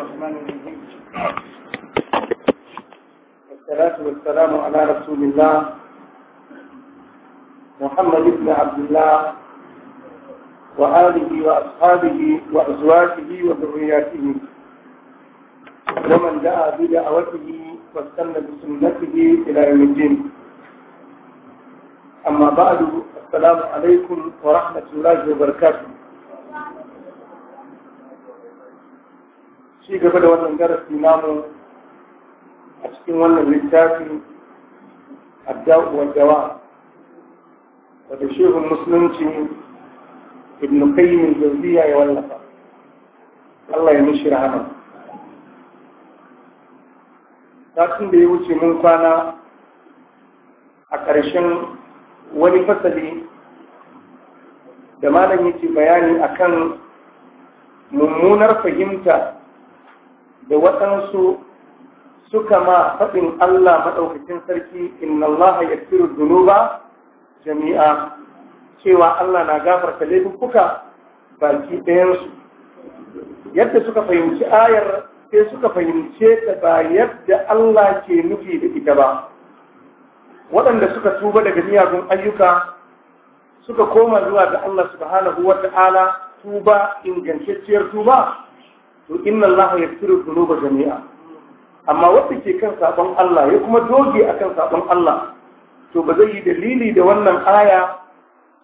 الرحمن الرحيم والصلاة والسلام على رسول الله محمد بن عبد الله وآله وأصحابه وأزواجه وذرياته ومن دعا بدعوته واستنى بسنته إلى يوم الدين أما بعد السلام عليكم ورحمة الله وبركاته ci gaba da wannan darasi namu a cikin wannan littafi a wa dawa wanda shehun musulunci ibn qayyim al-jawziya ya wallafa Allah ya mishi rahama satin da ya wuce mun kwana a ƙarshen wani fasali da malam yake bayani akan mummunar fahimta da waɗansu suka ma faɗin Allah maɗaukacin sarki inna Allah ya firu dunuba jami'a cewa Allah na gafarta laifuka baki ɗayansu yadda suka fahimci ayar sai suka fahimce ta ba yadda Allah ke nufi da ita ba waɗanda suka tuba daga miyagun ayyuka suka koma zuwa ga Allah subhanahu wa ta'ala tuba ingantacciyar tuba to inna Allah ya firu zunuba jami'a amma wanda ke kan sabon Allah ya kuma doge akan sabon Allah to ba zai yi dalili da wannan aya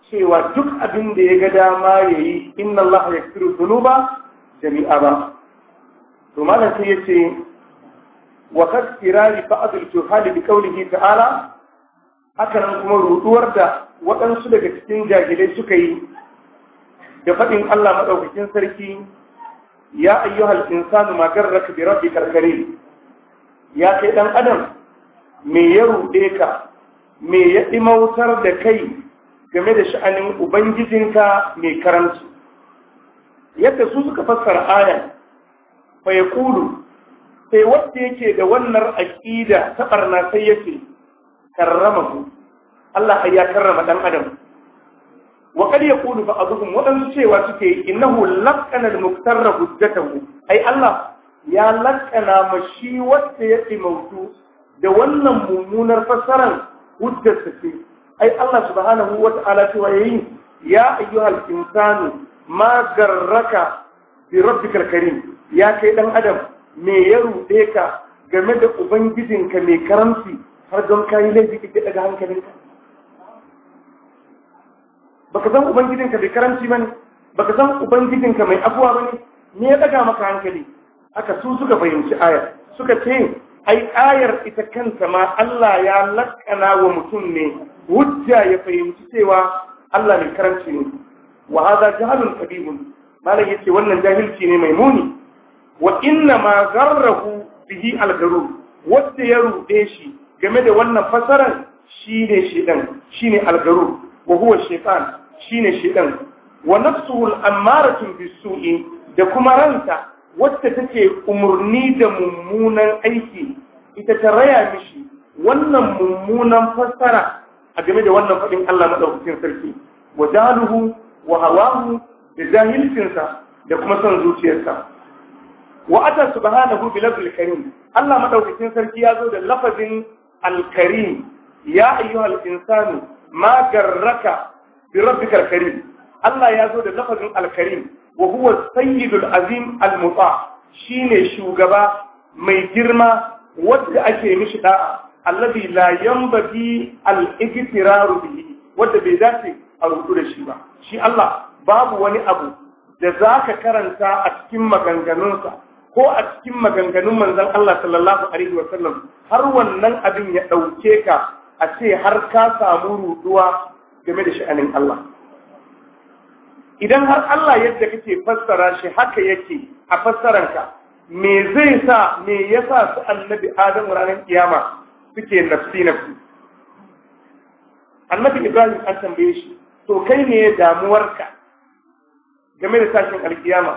cewa duk abin da ya ga dama ya yi inna Allah ya firu zunuba jami'a ba to malam sai yace ce wa kasirari ba'd al juhal bi qawlihi ta'ala haka nan kuma ruduwar da waɗansu daga cikin jahilai suka yi da faɗin Allah maɗaukakin sarki ya ayyuhal insanu ma garraka bi rabbikal karim ya kai ɗan adam me ya rude ka me ya dimautar da kai game da sha'anin ubangijin ka mai karanci yadda su suka fassara ayan fa yaqulu sai wanda yake da wannan aƙida ta barna sai yace karramahu Allah ya karrama ɗan adam wa kad a ba'dhum wadansu cewa suke innahu laqana al-muktarra hujjatahu ai Allah ya laqana mashi wanda ya mautu da wannan mummunar fasaran hujjarsa ce ai Allah subhanahu wa ta'ala cewa yayi ya ayyuhal insanu ma garraka bi rabbikal karim ya kai dan adam me ya rude ka game da ubangijinka mai karamci har don kayi laifi kike daga hankalinka baka san ubangijinka bai karanci bane baka san ubangijinka mai abuwa bane me ya daga maka hankali aka su suka fahimci ayar suka ce ai ayar ita kanta ma Allah ya lakana wa mutum ne hujja ya fahimci cewa Allah mai karanci ne wa hadha jahlun kabirun malam yace wannan jahilci ne mai muni wa inna ma garrahu bihi algaru? wanda ya rude shi game da wannan fasaran shine dan shine al-garur wa huwa shaytan shine shedan wa nafsuhul al-ammaratun bisu'i da kuma ranta wacce take umarni da mummunan aiki ita ta raya mishi wannan mummunan fassara a game da wannan faɗin Allah Maɗaukacin sarki wa jaluhu wa hawahu da jahilcinsa da kuma son zuciyarsa wa ata subhanahu bi lafzil karim Allah Maɗaukacin sarki ya zo da lafazin al-karim ya ayyuhal insanu ma garraka bi rabbikal karim Allah ya zo da lafazin al-karim wa huwa sayyidul azim al shine shugaba mai girma wanda ake mishi da'a alladhi la yanbaghi al-iktiraru bihi wanda bai dace a ruɗu da shi ba shi Allah babu wani abu da zaka karanta a cikin maganganunsa ko a cikin maganganun manzon Allah sallallahu alaihi har wannan abin ya dauke ka a ce har ka samu ruduwa game da sha'anin Allah idan har Allah yadda kake fassara shi haka yake a fassaranka me zai sa me ya sa su annabi Adamu ranar kiyama suke nafsi nafsi annabi Ibrahim an tambaye shi to kai ne damuwarka game da sashen alkiyama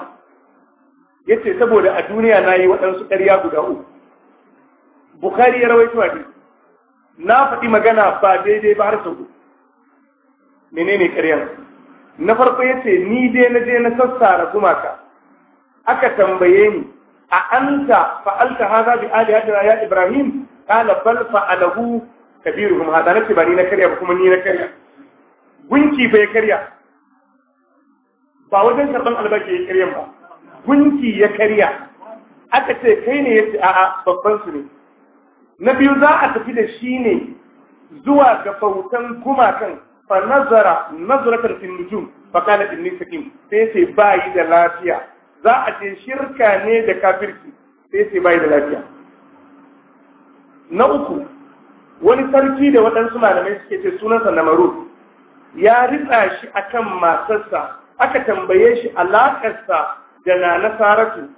yace saboda a duniya na yi waɗansu ƙarya guda uku Bukhari ya rawaito na faɗi magana ba daidai ba har sau menene ƙaryar na farko ya ce ni dai na je na sassara gumaka aka tambaye ni a anta fa'alta haza bi alihatina ya ibrahim qala bal fa'alahu kabiruhum hada na ba ni na karya ba kuma ni na karya gunki bai karya ba wajen karban albashi ya karyan ba gunki ya karya aka ce kai ne yace a'a babban su ne na biyu za a tafi da shi ne zuwa ga bautan gumakan fanazara nazara nazratan fil nujum fa kana inni sai sai bayi da lafiya za a ce shirka ne da kafirci sai sai bayi da lafiya na uku wani sarki da waɗansu malamai suke ce sunansa na maru ya ritsa shi a kan matarsa aka tambaye shi alaƙarsa da na nasaratu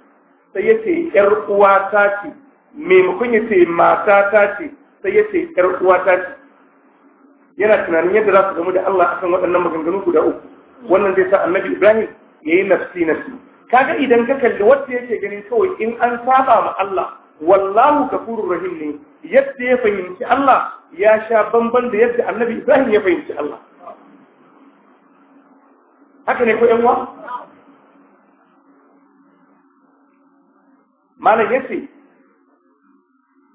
sai ya ce ‘yar ta ce, maimakon ya ce mata ta ce, sai ya ce ‘yar ta ce. yana tunanin yadda za su gamu da Allah akan waɗannan maganganu guda uku wannan zai sa annabi Ibrahim ya yi nafsi nafsi kaga idan ka kalli wacce yake ganin kawai in an saba ma Allah wallahu kafurur rahim ne yadda ya fahimci Allah ya sha bamban da yadda annabi Ibrahim ya fahimci Allah haka ne ko ƴan wa malam yace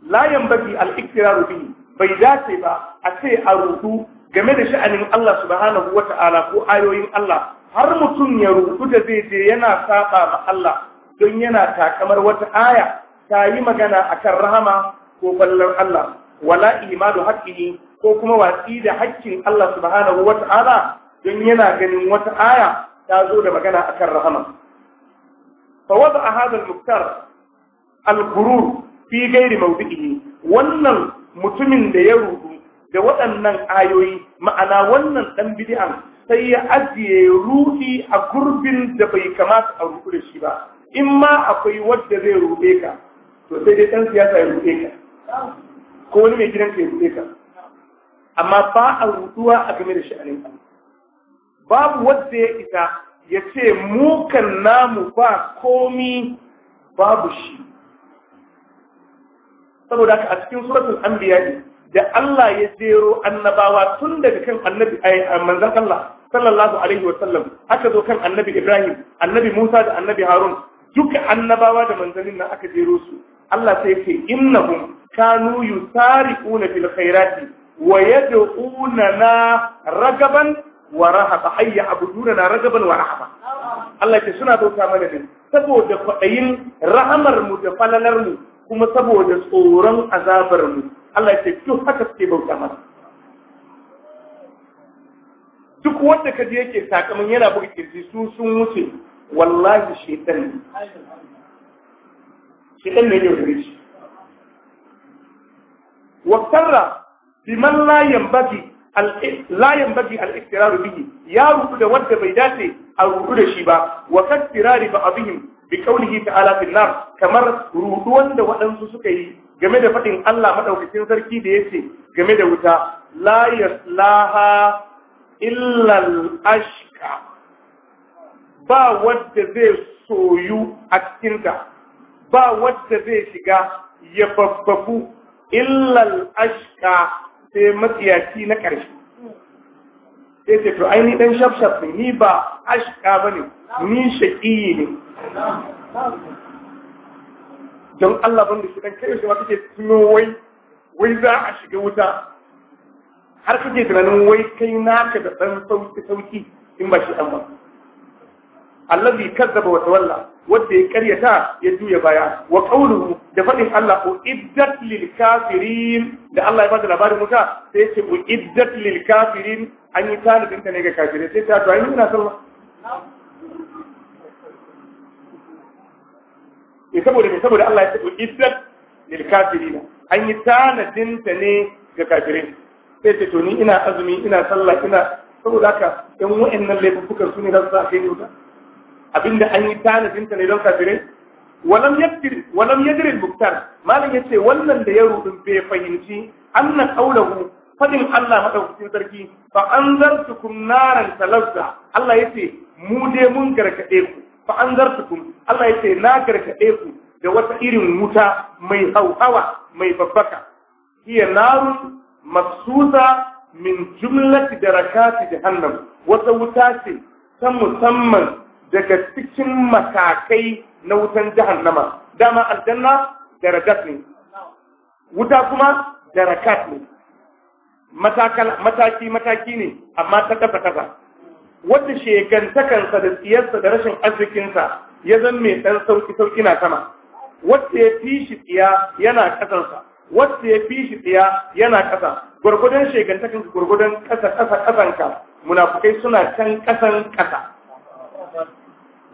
la yanbaghi al-iktiraru bihi bai dace ba a ce a rutu game da sha'anin Allah subhanahu wa ta'ala ko ayoyin Allah har mutum ya rutu da zai je yana saba ma Allah don yana takamar wata aya ta yi magana akan rahama ko ballar Allah wala imanu haqqihi ko kuma watsi da haƙƙin Allah subhanahu wa ta'ala don yana ganin wata aya ta zo da magana akan rahama fa wada hadha muktar al-ghurur fi ghairi mawdi'ihi wannan mutumin da ya rudu da waɗannan ayoyi ma'ana wannan ɗan bidi'an sai ya ajiye ruɗi a gurbin da bai kamata a ruɗu da shi ba in ma akwai wadda zai ruɗe ka to sai dai ɗan siyasa ya ruɗe ka ko wani mai gidanka ya ruɗe ka amma ba a ruɗuwa a game da sha'anin ka babu wadda ya isa ya ce mukan namu ba komi babu shi saboda haka a cikin suratul anbiya da Allah ya jero annabawa tun daga kan annabi eh, manzon Allah sallallahu alaihi wa sallam aka zo kan annabi Ibrahim annabi Musa da annabi Harun duka annabawa da manzannin nan aka jero su Allah sai ce innahum kanu yusariquna fil khairati wa na ragaban wa rahaba hayya na ragaban wa rahaba Allah ce suna bauta mana ne saboda kwaɗayin rahamar mu da falalar mu kuma saboda tsoron azabar mu Allah ya ce duk haka suke bauta masa duk wanda kaje yake sakamun yana buga kirji su sun wuce wallahi shaitan ne shaitan ne ya gare shi wa sarra man la yanbaghi la yanbaghi al-iqtirar bihi ya rubu da wanda bai dace a rubu da shi ba wa kastirari ba abihim bi kaulihi ta'ala fil nar kamar ruduwan da waɗansu suka yi game da faɗin Allah maɗaukacin sarki da ya ce game da wuta la yaslaha illal ashka ba wadda zai soyu a cikinta ba wadda zai shiga ya babbabu illal ashka sai matsiyaci na ƙarshe sai ce to ai ni dan shafshaf ne ni ba ashka bane ni shaƙi ne don Allah ban da shi dan kai shi ma kake tuno wai wai za a shiga wuta har kake tunanin wai kai naka da dan sauki sauki in ba shi dan ba allazi kazzaba wa tawalla wanda ya karyata ya juya baya wa qawluhu da fadin Allah ko iddat lil kafirin da Allah ya bada labarin wuta sai ya ce ko iddat lil kafirin an yi talibin ne ga kafirai sai ta to ai ina sallah ne eh, saboda ne saboda Allah ya ce iddat lil kafirin an yi tanadin ta ne ga kafirin sai ce to ni ina azumi ina sallah ina saboda haka yan wa'annan laifukan su ne za su sa kai wuta abinda an yi tanadin ta ne don kafirai walam yadir walam yadir al-muktar malam yace wannan da ya rubin bai fahimci anna qawluhu fadin Allah madaukakin sarki fa anzartukum naran talazza Allah yace mu dai mun gargade ku fa anzartukum Allah ce na garkaɗe ku da wata irin wuta mai hauhawa mai babbaka iya narun maksusa min jumlati darakati jahannam wata wuta ce ta musamman daga cikin matakai na wutan jahannama dama aljanna darakat ne wuta kuma darakat ne mataki mataki ne amma ta kasa kasa ganta shegantakansa da tsiyarsa da rashin arzikinsa ya zan mai ɗan sauki sauki na sama wanda ya fi shi tsiya yana ƙasansa wanda ya fi shi tsiya yana ƙasa gwargwadon kansa gwargwadon ƙasa ƙasa ƙasanka munafukai suna can ƙasan ƙasa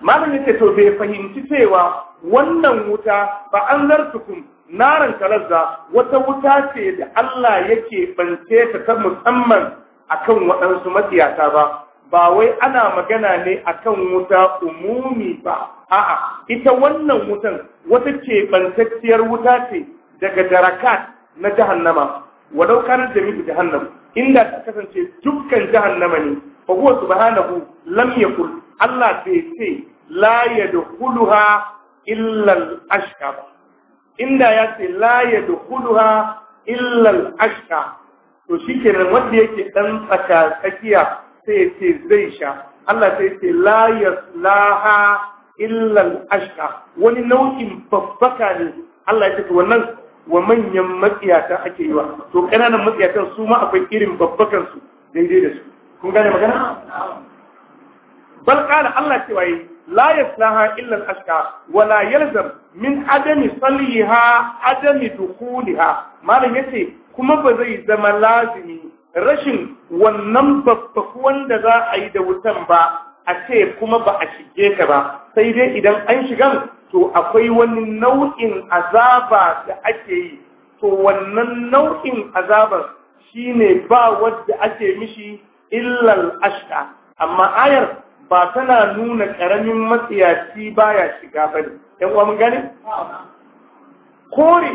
Malamin yace to bai fahimci cewa wannan wuta ba an zartukun naran talazza wata wuta ce da Allah yake bance ta ta musamman akan waɗansu matsiyata ba ba wai ana magana ne akan wuta umumi ba a'a ita wannan wutan wata ce bantacciyar wuta ce daga darakat na jahannama daukar da jami'u jahannam inda ta kasance dukkan jahannama ne fa huwa subhanahu lam yakul Allah bai ce la yadkhuluha illa al-ashqa inda ya ce la yadkhuluha illa al-ashqa to shikenan wanda yake dan tsaka tsakiya sai ce zai sha Allah sai ce la yaslaha illa al-ashqa wani nau'in babbaka ne Allah ya ce wannan wa manyan matsiyata ake yi wa to kananan matsiyatan su ma akwai irin babbakan su daidai da su kun gane magana bal qala Allah ce waye la yaslaha illa al-ashqa wa la yalzam min adami salliha adami dukuliha malam yace kuma ba zai zama lazimi rashin wannan babbaku wanda za a yi da wutan ba a ce kuma ba a shige ka ba sai dai idan an shiga to akwai wani nau'in azaba da ake yi to wannan nau'in azabar shine ba wadda ake mishi illal ashka amma ayar ba tana nuna karamin matsiyaci ya shiga ba ne, yan uwa mun gane kore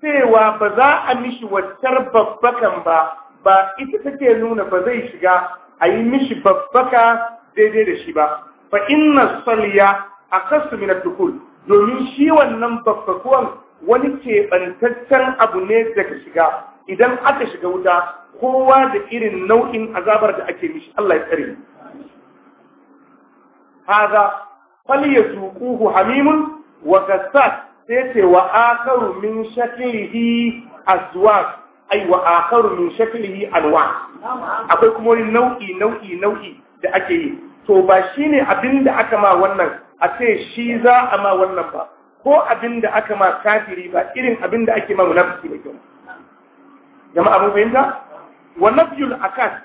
cewa ba za a mishi waccar babbakan ba ba ita take nuna ba zai shiga a yi mishi babbaka daidai da shi ba fa inna salya a kasu min dukul domin shi wannan babbakuwan wani keɓantaccen abu ne daga shiga idan aka shiga wuta kowa da irin nau'in azabar da ake mishi Allah ya tsare hada falyasuquhu hamimun wa gassat sai ce wa akaru min shaklihi azwaq ai wa akharu min shaklihi alwa akwai kuma wani nau'i nau'i nau'i da ake yi to ba shine abin da aka ma wannan a ce shi za a ma wannan ba ko abin da aka ma kafiri ba irin abin da ake ma munafiki da kyau jama'a mun fahimta wa nafyul akas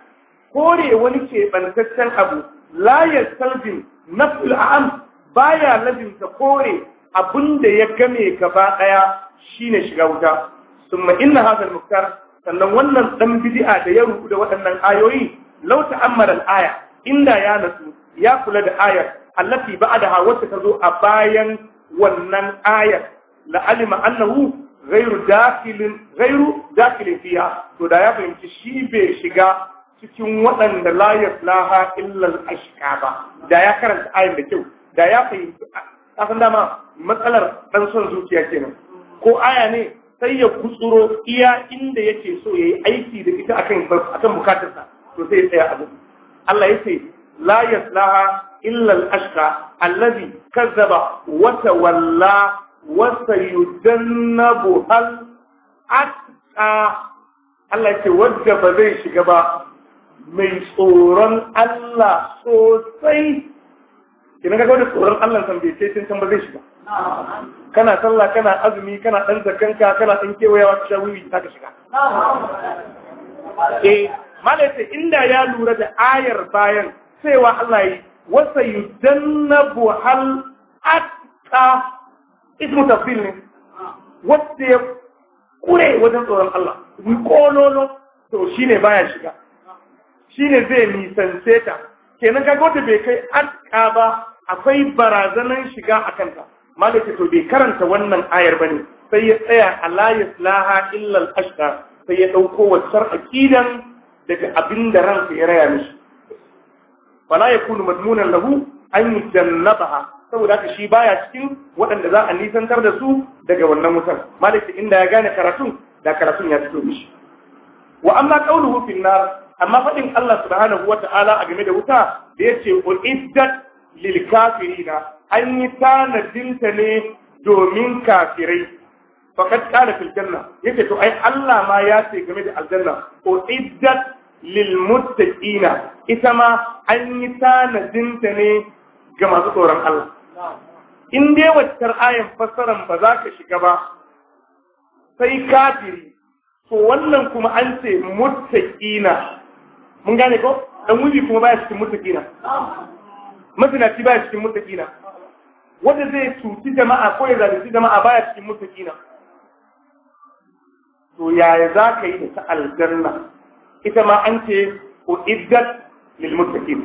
kore wani bantaccen abu la yastalzim nafyul a'am baya ta kore abin da ya game gaba daya shine shiga wuta summa inna hadha muktar sannan wannan dan bid'a da ya rubu da waɗannan ayoyi law ta'ammara al-aya inda ya nasu ya kula da ayar allati ba'daha wacce ta zo a bayan wannan ayar la'alima annahu ghairu dakilin ghairu fiha to da ya fahimci shi bai shiga cikin waɗanda la yaslaha illa al-ashqa ba da ya karanta ayar da kyau da ya fahimci kasan dama matsalar dan son zuciya kenan ko aya ne sai ya kutsuro iya inda yake so ya yi aiki da ita akan kan bukatarsa to sai tsaya a Allah ya ce la yaslaha illa al-ashqa allazi kazzaba wa tawalla wa sayudannabu hal atqa Allah ya ce wadda ba zai shiga ba mai tsoron Allah sosai idan ka ga wadda tsoron Allah san bai ce tun ba zai shiga kana sallah kana azumi kana ɗan zakanka kana ɗan kewayawa ka sha ta za ka shiga eh malaita inda ya lura da ayar bayan sai wa Allah yi wasa yujannabu hal atta ismu tafsir ne wanda ya kure wajen tsoron Allah mu kololo to shine baya shiga shine zai nisance ta kenan ka gode bai kai atka ba akwai barazanan shiga a kanta malaki to bai karanta wannan ayar bane sai ya tsaya ala yaslaha illa al-ashqa sai ya dauko waccar aqidan daga abin da ya raya mishi wala yakunu madmunan lahu an yujannabaha saboda haka shi baya cikin waɗanda za a nisantar da su daga wannan wutar malaka inda ya gane karatun da karatun ya fito mishi wa amma qawluhu fil nar amma fadin Allah subhanahu wa a game da wuta da yace qul iddat lil kafirina an yi tanadinta ne domin kafirai fakat kana fil Ya ce to ai Allah ma ya ce game da aljanna o iddat lil muttaqina ita ma an yi tanadinta ne ga masu tsoron Allah in dai wacce ayan fassaran ba za ka shiga ba sai kafiri to wannan kuma an ce muttaqina mun gane ko dan wuri kuma baya cikin muttaqina mazinaci baya cikin muttaqina wanda zai cuci jama'a ko ya zalunci jama'a baya cikin mutakina to yaya za ka yi da ta aljanna ita ma an ce ko iddat lil muttaqin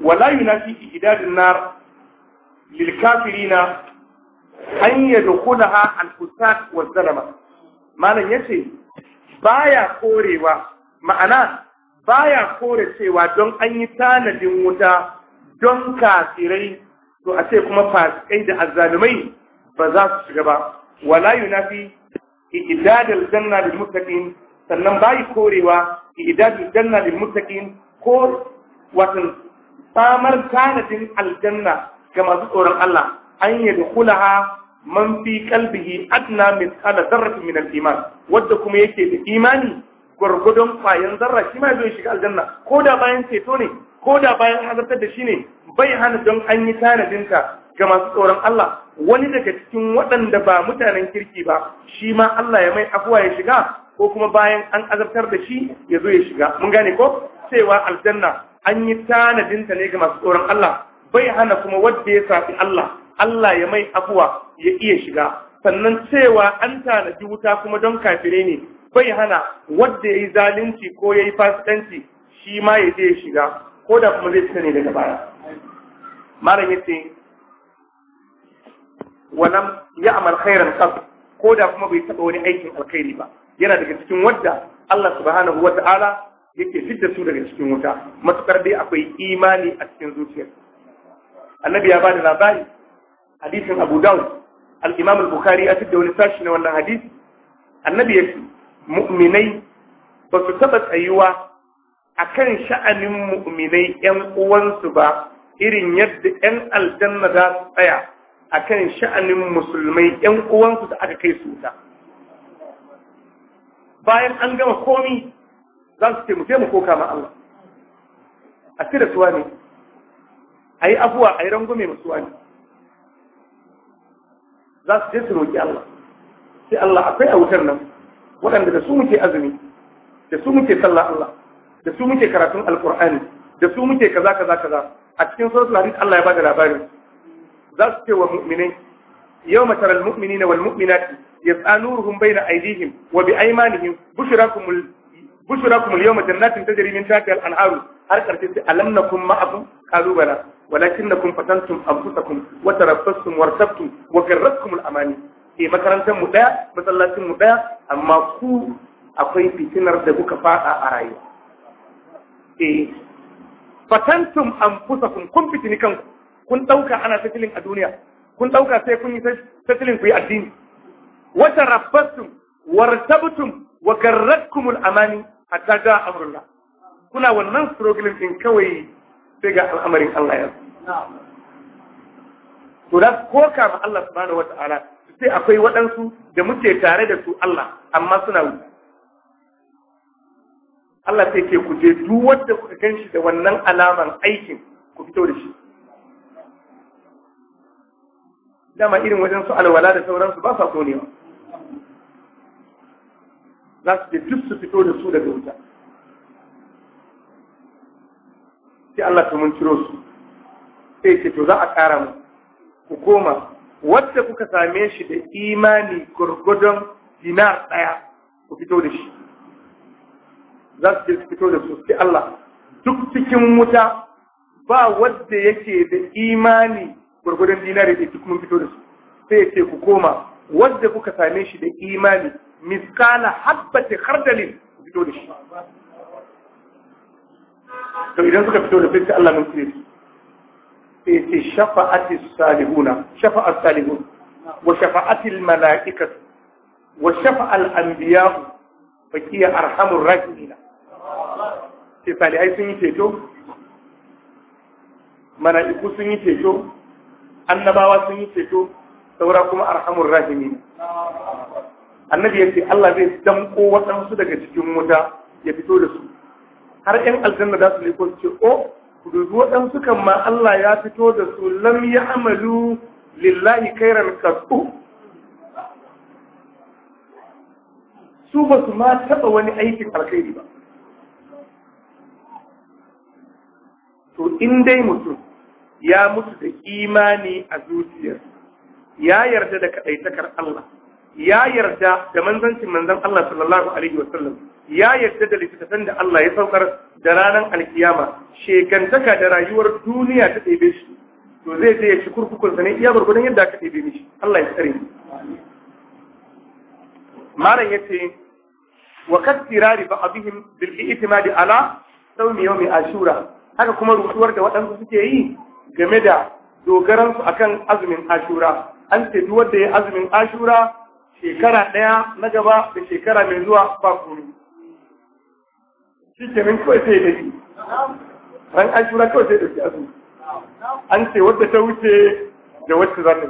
wala yunafi idadun nar lil kafirina an yadkhulaha al fusat wa zalama malam yace baya korewa ma'ana baya kore cewa don an yi tanadin wuta don kafirai to a ce kuma fasikai da azzalumai ba za su shiga ba wala yunafi i'dadul janna lil muttaqin sannan bai korewa i'dadul janna lil muttaqin ko watan samar tanadin aljanna ga masu tsoron Allah an yadkhulaha man fi qalbihi adna min dharratin min al-iman wanda kuma yake da imani gurgudun kwayan zarra shi ma zai shiga aljanna ko da bayan ceto ne ko da bayan hazartar da shi ne bai hana don an yi tanadinta ga masu tsoron Allah wani daga cikin waɗanda ba mutanen kirki ba shi ma Allah ya mai afuwa ya shiga ko kuma bayan an azabtar da shi ya zo ya shiga mun gane ko cewa aljanna an yi tanadinta ne ga masu tsoron Allah bai hana kuma wadda ya safi Allah Allah ya mai afuwa ya iya shiga sannan cewa an tanadi wuta kuma don kafire ne bai hana wanda ya yi zalunci ko ya yi fasikanci shi ma ya je ya shiga ko da kuma zai fita ne daga baya malam yace walam ya'mal khairan qad ko da kuma bai taba wani aikin alkhairi ba yana daga cikin wadda Allah subhanahu wata'ala yake fitta su daga cikin wuta matukar dai akwai imani a cikin zuciya annabi ya bada labari hadisin Abu Dawud al-Imam al-Bukhari a cikin wani sashi na wannan hadisi annabi ya ce mu'minai ba su taba tsayuwa akan sha'anin mu'minai 'yan uwansu ba irin yadda 'yan aljanna za su tsaya a kan sha'anin musulmai 'yan uwansu da aka kai su wuta bayan an gama komi za su taimake mu koka ma Allah a cire suwa ne a yi abuwa a yi rangume masu wani za su je su roƙi Allah sai Allah akwai a wutar nan waɗanda da su muke azumi da su muke sallah Allah da su muke karatun alƙur'ani da su muke kaza kaza kaza a cikin suratul hadid Allah ya bada labarin za su ce wa mu'minai yawma taral mu'minina wal mu'minati yas'a nuruhum bayna aydihim wa bi aymanihim bushrakumul bushrakum al-yawma jannatin tajri min tahtiha al-anharu har karshe sai alam nakum ma'akum qalu bala walakinnakum fatantum anfusakum wa tarabbastum wartabtum wa garratkum al-amani E, eh, makarantar mu daya masallacin mu daya amma ku akwai fitinar da kuka fada a rayuwa eh fatantum anfusakum kun fitini kanku kun dauka ana settling a duniya kun dauka sai kun yi settling ku yi addini wa tarabbastum wartabtum wa al amani hatta ga amrullah kuna wannan struggling din kawai sai ga al'amarin Allah ya to da ko kama Allah subhanahu wataala sai akwai waɗansu da muke tare da su Allah amma suna wuce Allah sai ke ku je duk wanda kuka gan shi da wannan alaman aikin ku fito da shi dama irin wajen su alwala da sauransu ba sa konewa za su je duk su fito da su daga wuta sai Allah ta mun ciro su sai ce to za a kara mu ku koma wadda kuka same shi da imani gurgudun dinar ɗaya ku fito da shi za su je fito da su sai Allah duk cikin wuta ba wadda yake da imani gwargwadon dinari da duk mun fito da su sai ce ku koma wadda kuka same shi da imani miskala habbati khardalin ku fito da shi to idan suka fito da sai sai Allah mun kire su sai ce shafa'ati salihuna shafa'at salihun wa shafa'atil mala'ikatu wa shafa'al anbiya'u fakiya arhamur rahimin salihai sun yi ceto mala'iku sun yi ceto annabawa sun yi ceto saura kuma arhamur rahimi annabi ya ce Allah zai damko waɗansu daga cikin wuta ya fito da su har ƴan aljanna za su leko su ce o oh, kududu waɗansu kan ma Allah ya fito da su lam ya amalu lillahi kairan kasu su ba su ma taɓa wani aikin alkhairi ba to in dai mutum ya mutu da imani a zuciyar ya yarda da kaɗaitakar Allah ya yarda da manzancin manzan Allah sallallahu alaihi sallam, ya yarda da littattafan da Allah ya saukar da ranar alkiyama shekantaka da rayuwar duniya ta ɗebe shi to zai je ya ci kurkukunsa ne iya gurgudan yadda aka ɗebe mishi Allah ya tsare malam yace wa kasirari ba'dihim bil i'timadi ala sawmi yawmi ashura haka kuma rutuwar da waɗansu suke yi game da dogaransu akan azumin ashura an ce duk wanda ya azumin ashura shekara ɗaya na gaba da shekara mai zuwa ba komi shi min kawai sai da shi ran ashura kawai sai da shi azumi an ce wadda ta wuce da wacce za ta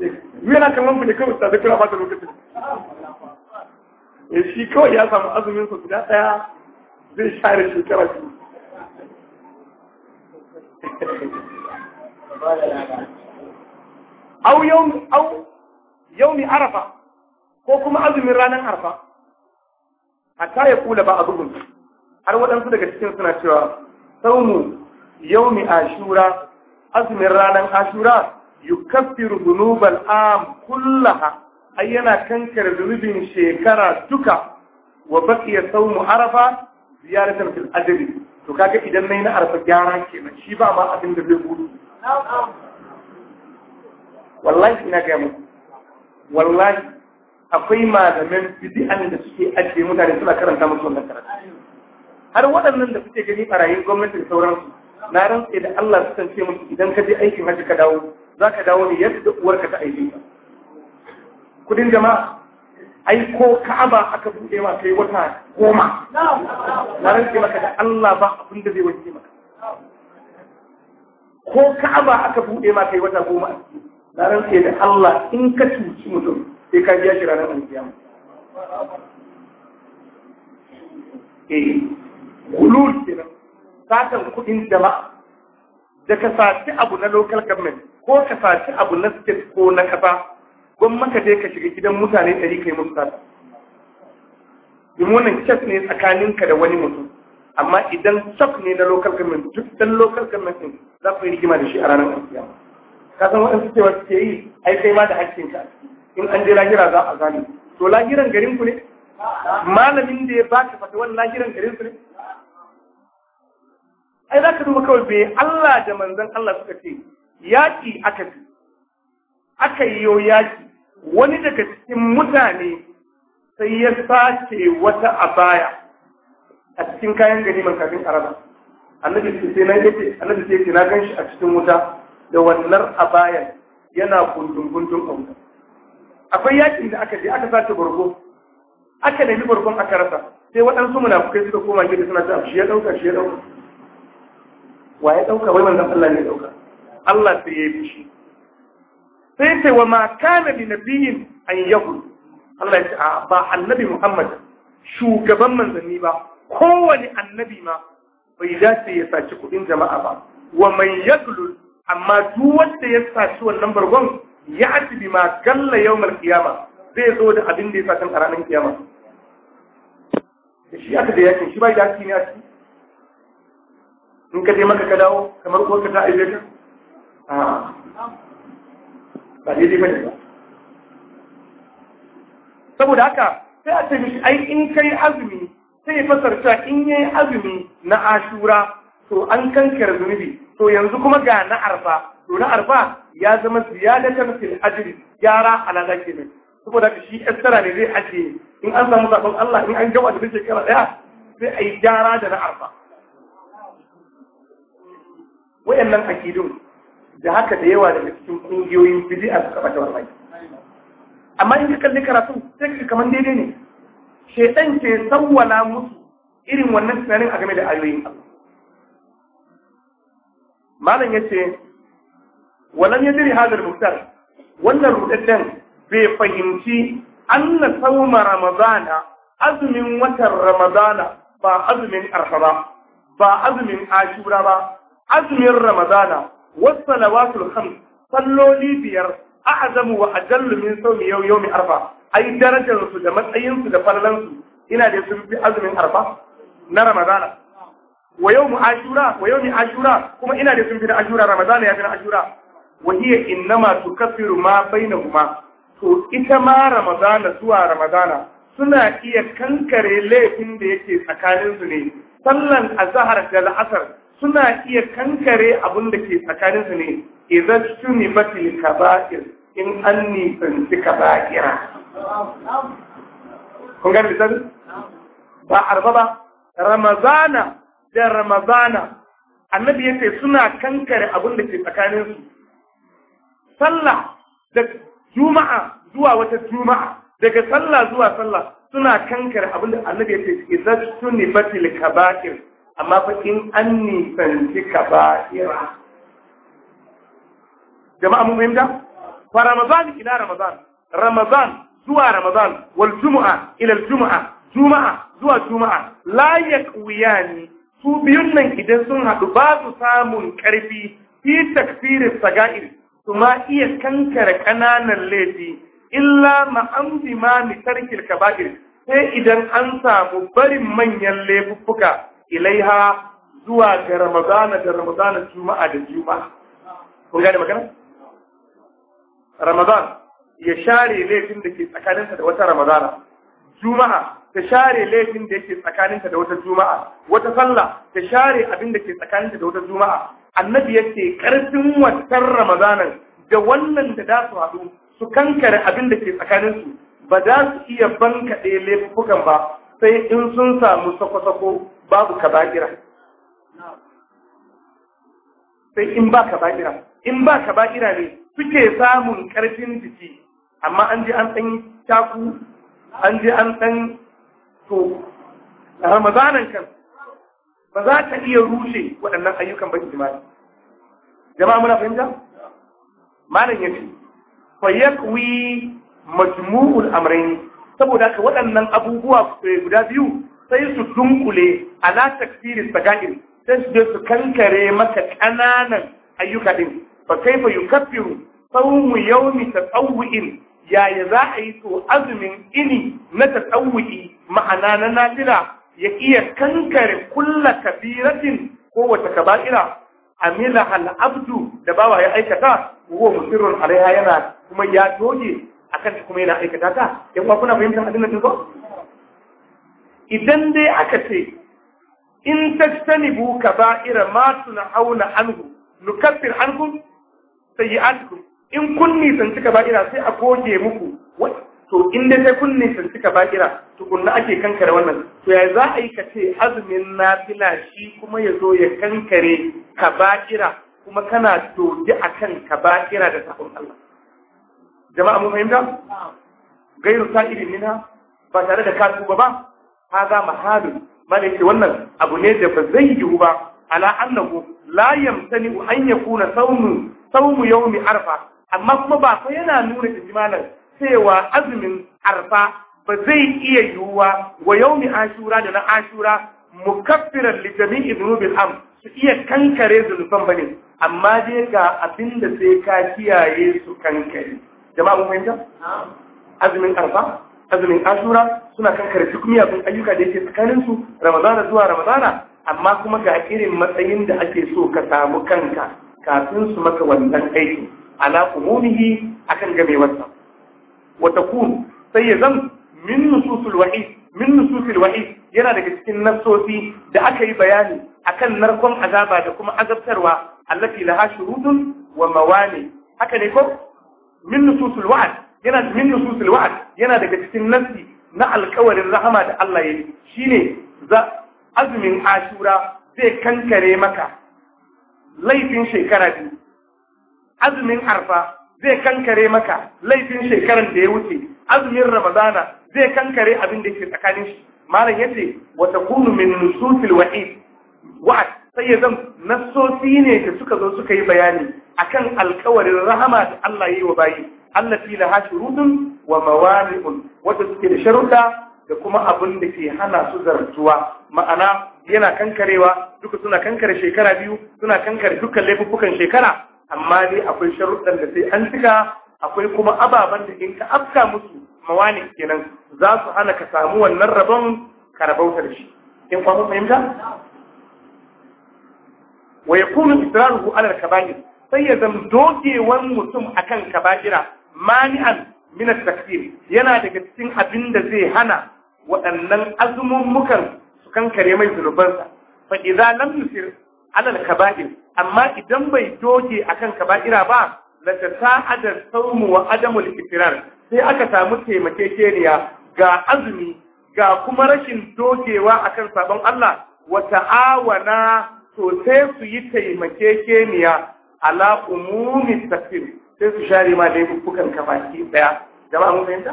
yi yana kallon mu ne kawai sa da kira ba ta lokacin eh, shi kawai ya samu azumin sa guda ɗaya zai share shekara biyu au yau au yau arafa ko kuma azumin ranar arafa hatta ya kula ba bugun. har waɗansu daga cikin suna cewa saumu yau ashura azumin ranar ashura yukaffiru zunubal am kullaha ai yana kankare zunubin shekara duka wa baqiya saumu arafa ziyaratar fil adri to kaga idan nayi na arfa gyara kenan shi ba ma abin da zai gudu wallahi ina ga muku wallahi akwai malamin bid'an da suke ajiye mutane suna karanta musu wannan karatu har waɗannan da suke gani barayin da sauransu na rantse da Allah su ce musu idan ka je aikin hajji ka dawo za ka dawo ne yadda uwarka ta aiki ka kudin jama'a ai ko ka'aba aka buɗe ma kai wata goma na rantse maka da Allah ba abin da zai wanke maka ko ka'aba aka buɗe ma kai wata goma na rantse da Allah in ka cuci mutum sai ka biya shi ranar alkiyama eh gulul kenan satan kuɗin jama'a da ka saci abu na local government ko ka saci abu na state ko na kasa gwamnaka dai ka shiga gidan mutane ɗari kai musu sata domin wannan kes ne tsakaninka da wani mutum amma idan sab ne na local government duk dan local government din za ku yi rigima da shi a ranar asiya ka san waɗansu cewa suke yi ai kai ma da ka in an je lahira za a zane. to lahiran garin ku ne malamin da ya baka fata wannan lahiran garin ku ne ai za ka duba kawai bai Allah da manzon Allah suka ce yaƙi aka fi aka yi yau yaƙi wani daga cikin mutane sai ya sace wata abaya a cikin kayan ganiman kafin araba annabi sai na yace annabi sai yace na ganshi a cikin wuta da wannan abayan yana gundun gundun a wuta akwai yakin da aka je aka sace bargo aka nemi bargon aka rasa sai waɗansu munafukai suka koma gida suna ta shi ya ɗauka shi ya ɗauka wa ya ɗauka wai manzon Allah ne ya ɗauka Allah sai ya yi fushi sai ce wa ma kana li nabiyyin an yahu. Allah ya ce ba annabi Muhammad shugaban manzanni ba kowane annabi ma bai dace ya saci kudin jama'a ba wa man yaglu amma duk wanda ya saci wannan bargon ya asibi ma galla yawmal kiyama zai zo da abin da ya saci a ranar kiyama shi aka da yakin shi bai da ne a ciki in ka je maka ka dawo kamar uwarka ta aibe a ba saboda haka sai a ce mishi ai in kai azumi sai ya fasarta in yi azumi na ashura to an kankar zunubi to yanzu kuma ga na arfa to na arfa ya zama ziyadatan fil gyara yara ke kenan saboda haka shi estara ne zai ajiye in an samu zaben Allah in an gaba da take kira daya sai yi gyara da na arfa wayannan akidun da haka da yawa daga cikin ƙungiyoyin a suka bata wallahi amma in ka kalli karatu sai ka kaman daidai ne shedan ke sawwala musu irin wannan tunanin a game da ayoyin Allah malam yace walam yadri hadal muktar wannan rudaddan bai fahimci anna sawma ramadana azumin watan ramadana ba azumin arfa ba ba azumin ashura ba azumin ramadana wasu khams salloli biyar a'zamu wa ajallu min sawmi yau yawmi arfa ai darajar da matsayin da farlan ina da sun azumin arfa na ramadana wa yawmu ashura ashura kuma ina da sun na ashura ramadana ya fi na ashura wa hiya innama tukaffiru ma bainahuma to ita ma ramadana zuwa ramadana suna iya kankare laifin da yake tsakaninsu ne sallan azahar da la'asar suna iya kankare abin da ke tsakaninsu ne idan tuni batil kaba'ir in an nisanci kaba'ira kun gani sani? ba arba ba ramazana da ramazana annabi ya ce suna kankare abin da ke tsakaninsu sallah da juma'a zuwa wata juma'a daga sallah zuwa sallah suna kankare abin da annabi ya ce idan tuni batil kaba'ir amma fa in an nisanci kaba'ira jama'a mun fahimta fa ramadan ila ramadan ramadan zuwa ramazan wal jumu'a ila juma'a zuwa juma'a la yaqwiyani su biyun nan idan sun haɗu ba su samun ƙarfi fi takfirin saga'ir su ma iya kankare ƙananan laifi illa ma'amdi ma mi kaba'ir sai idan an samu barin manyan laifuffuka ilaiha zuwa ga Ramadana da Ramadana Juma'a da Juma'a. Kun gane magana? Ramadan ya share laifin da ke tsakaninsa da wata Ramadana. Juma'a ta share laifin da yake tsakaninta da wata Juma'a. Wata sallah ta share abin da ke tsakaninta da wata Juma'a. Annabi yake karfin wannan Ramadanan da wannan da za su haɗu su kankare abin da ke tsakaninsu ba za su iya banka ɗaya laifukan ba sai in sun samu sako-sako babu kaba'ira sai in ba kaba'ira in ba kaba'ira ne suke samun karfin jiki amma an ji an ɗan taku an ji an ɗan to ramadanan kan ba za ta iya rushe waɗannan ayyukan ba jima'i jama'a muna fahimta malam ya ce fa yakwi majmu'ul amrayn saboda haka waɗannan abubuwa eh, guda biyu sai su dunkule ala takfirin sagain sai su je su kankare maka ƙananan ayyuka din fa kaifa yukaffiru sawmu ta tatawwu'in yaya za a yi to azumin ini na tatawwu'i ma'ana na nafila ya iya kankare kulla kabiratin ko wata kaba'ira amila abdu da bawa ya aikata huwa musirrun alaiha yana kuma ya doge akan kuma yana aikata ta yan kuna fahimtar addinin ko idan dai aka ce in tajtanibu kaba'ira ma auna anhu nukaffir sai sayyi'atukum in kun nisanci kaba'ira sai a goge muku to in dai sai kun nisanci kaba'ira kunna ake kankare wannan to ya za a yi ka ce azumin nafila shi kuma ya zo ya kankare kaba'ira kuma kana doge akan kaba'ira da sabon Allah jama'a mu fahimta gairu sa'ibin nina ba tare da kasu ba ba haza mahalun mana yake wannan abu ne da ba zai yiwu ba ala annahu la yamtani an yakuna sawmu sawmu yawmi arfa amma kuma ba fa yana nuna ijmalan cewa azumin arfa ba zai iya yiwuwa wa yawmi ashura da na ashura mukaffiran li jami'i dhunubil am su iya kankare zunuban bane amma dai ga abinda sai ka kiyaye su kankare jama'a mun fahimta azumin arfa azumin ashura suna kankare duk miyagun ayyuka da yake tsakaninsu ramadana zuwa ramadana amma kuma ga irin matsayin da ake so ka samu kanka kafin su maka wannan aiki ala umumihi akan gamewarsa wa takun sai ya zam min nususul wahid min nususul wahid yana daga cikin nassosi da aka yi bayani akan narkon azaba da kuma azabtarwa allati laha shurudun wa mawani haka ne ko min nususul wa'd yana min nususul wa'd yana daga cikin nassi na alkawarin rahama da Allah ya yi ne za azumin ashura zai kankare maka laifin shekara biyu azumin arfa zai kankare maka laifin shekaran da ya wuce azumin ramadana zai kankare abin da ke tsakanin shi malam yace wa takunu min nususil wa'id wa'ad sai ya zan nasosi ne da suka zo suka yi bayani akan alkawarin rahama da Allah ya yi wa bayi Allah fi laha shurudun wa mawali'un. Wata suke da sharuda da kuma abin da ke hana su zartuwa ma'ana yana kankarewa duka suna kankare shekara biyu suna kankare dukkan laifukan shekara amma dai akwai sharuɗan da sai an cika akwai kuma ababen da in ka afka musu mawani kenan za su hana ka samu wannan rabon ka shi in kwamu fahimta wa yakunu israruhu ala kaba'ir sai ya zama dogewan mutum akan kaba'ira mani'an min takfir yana daga cikin abin da zai hana waɗannan azumummukan su kankare mai zunubansa fa idza lam yusir alal kaba'ir amma idan bai doge akan kaba'ira ba la tasa'ada sawmu wa adamul ifrar sai aka samu taimakekeniya ga azumi ga kuma rashin dogewa akan sabon Allah wa ta'awana to sai su yi taimakekeniya ala umumi takfir sai su share ma laifuffukan ka baki daya jama'a mun fahimta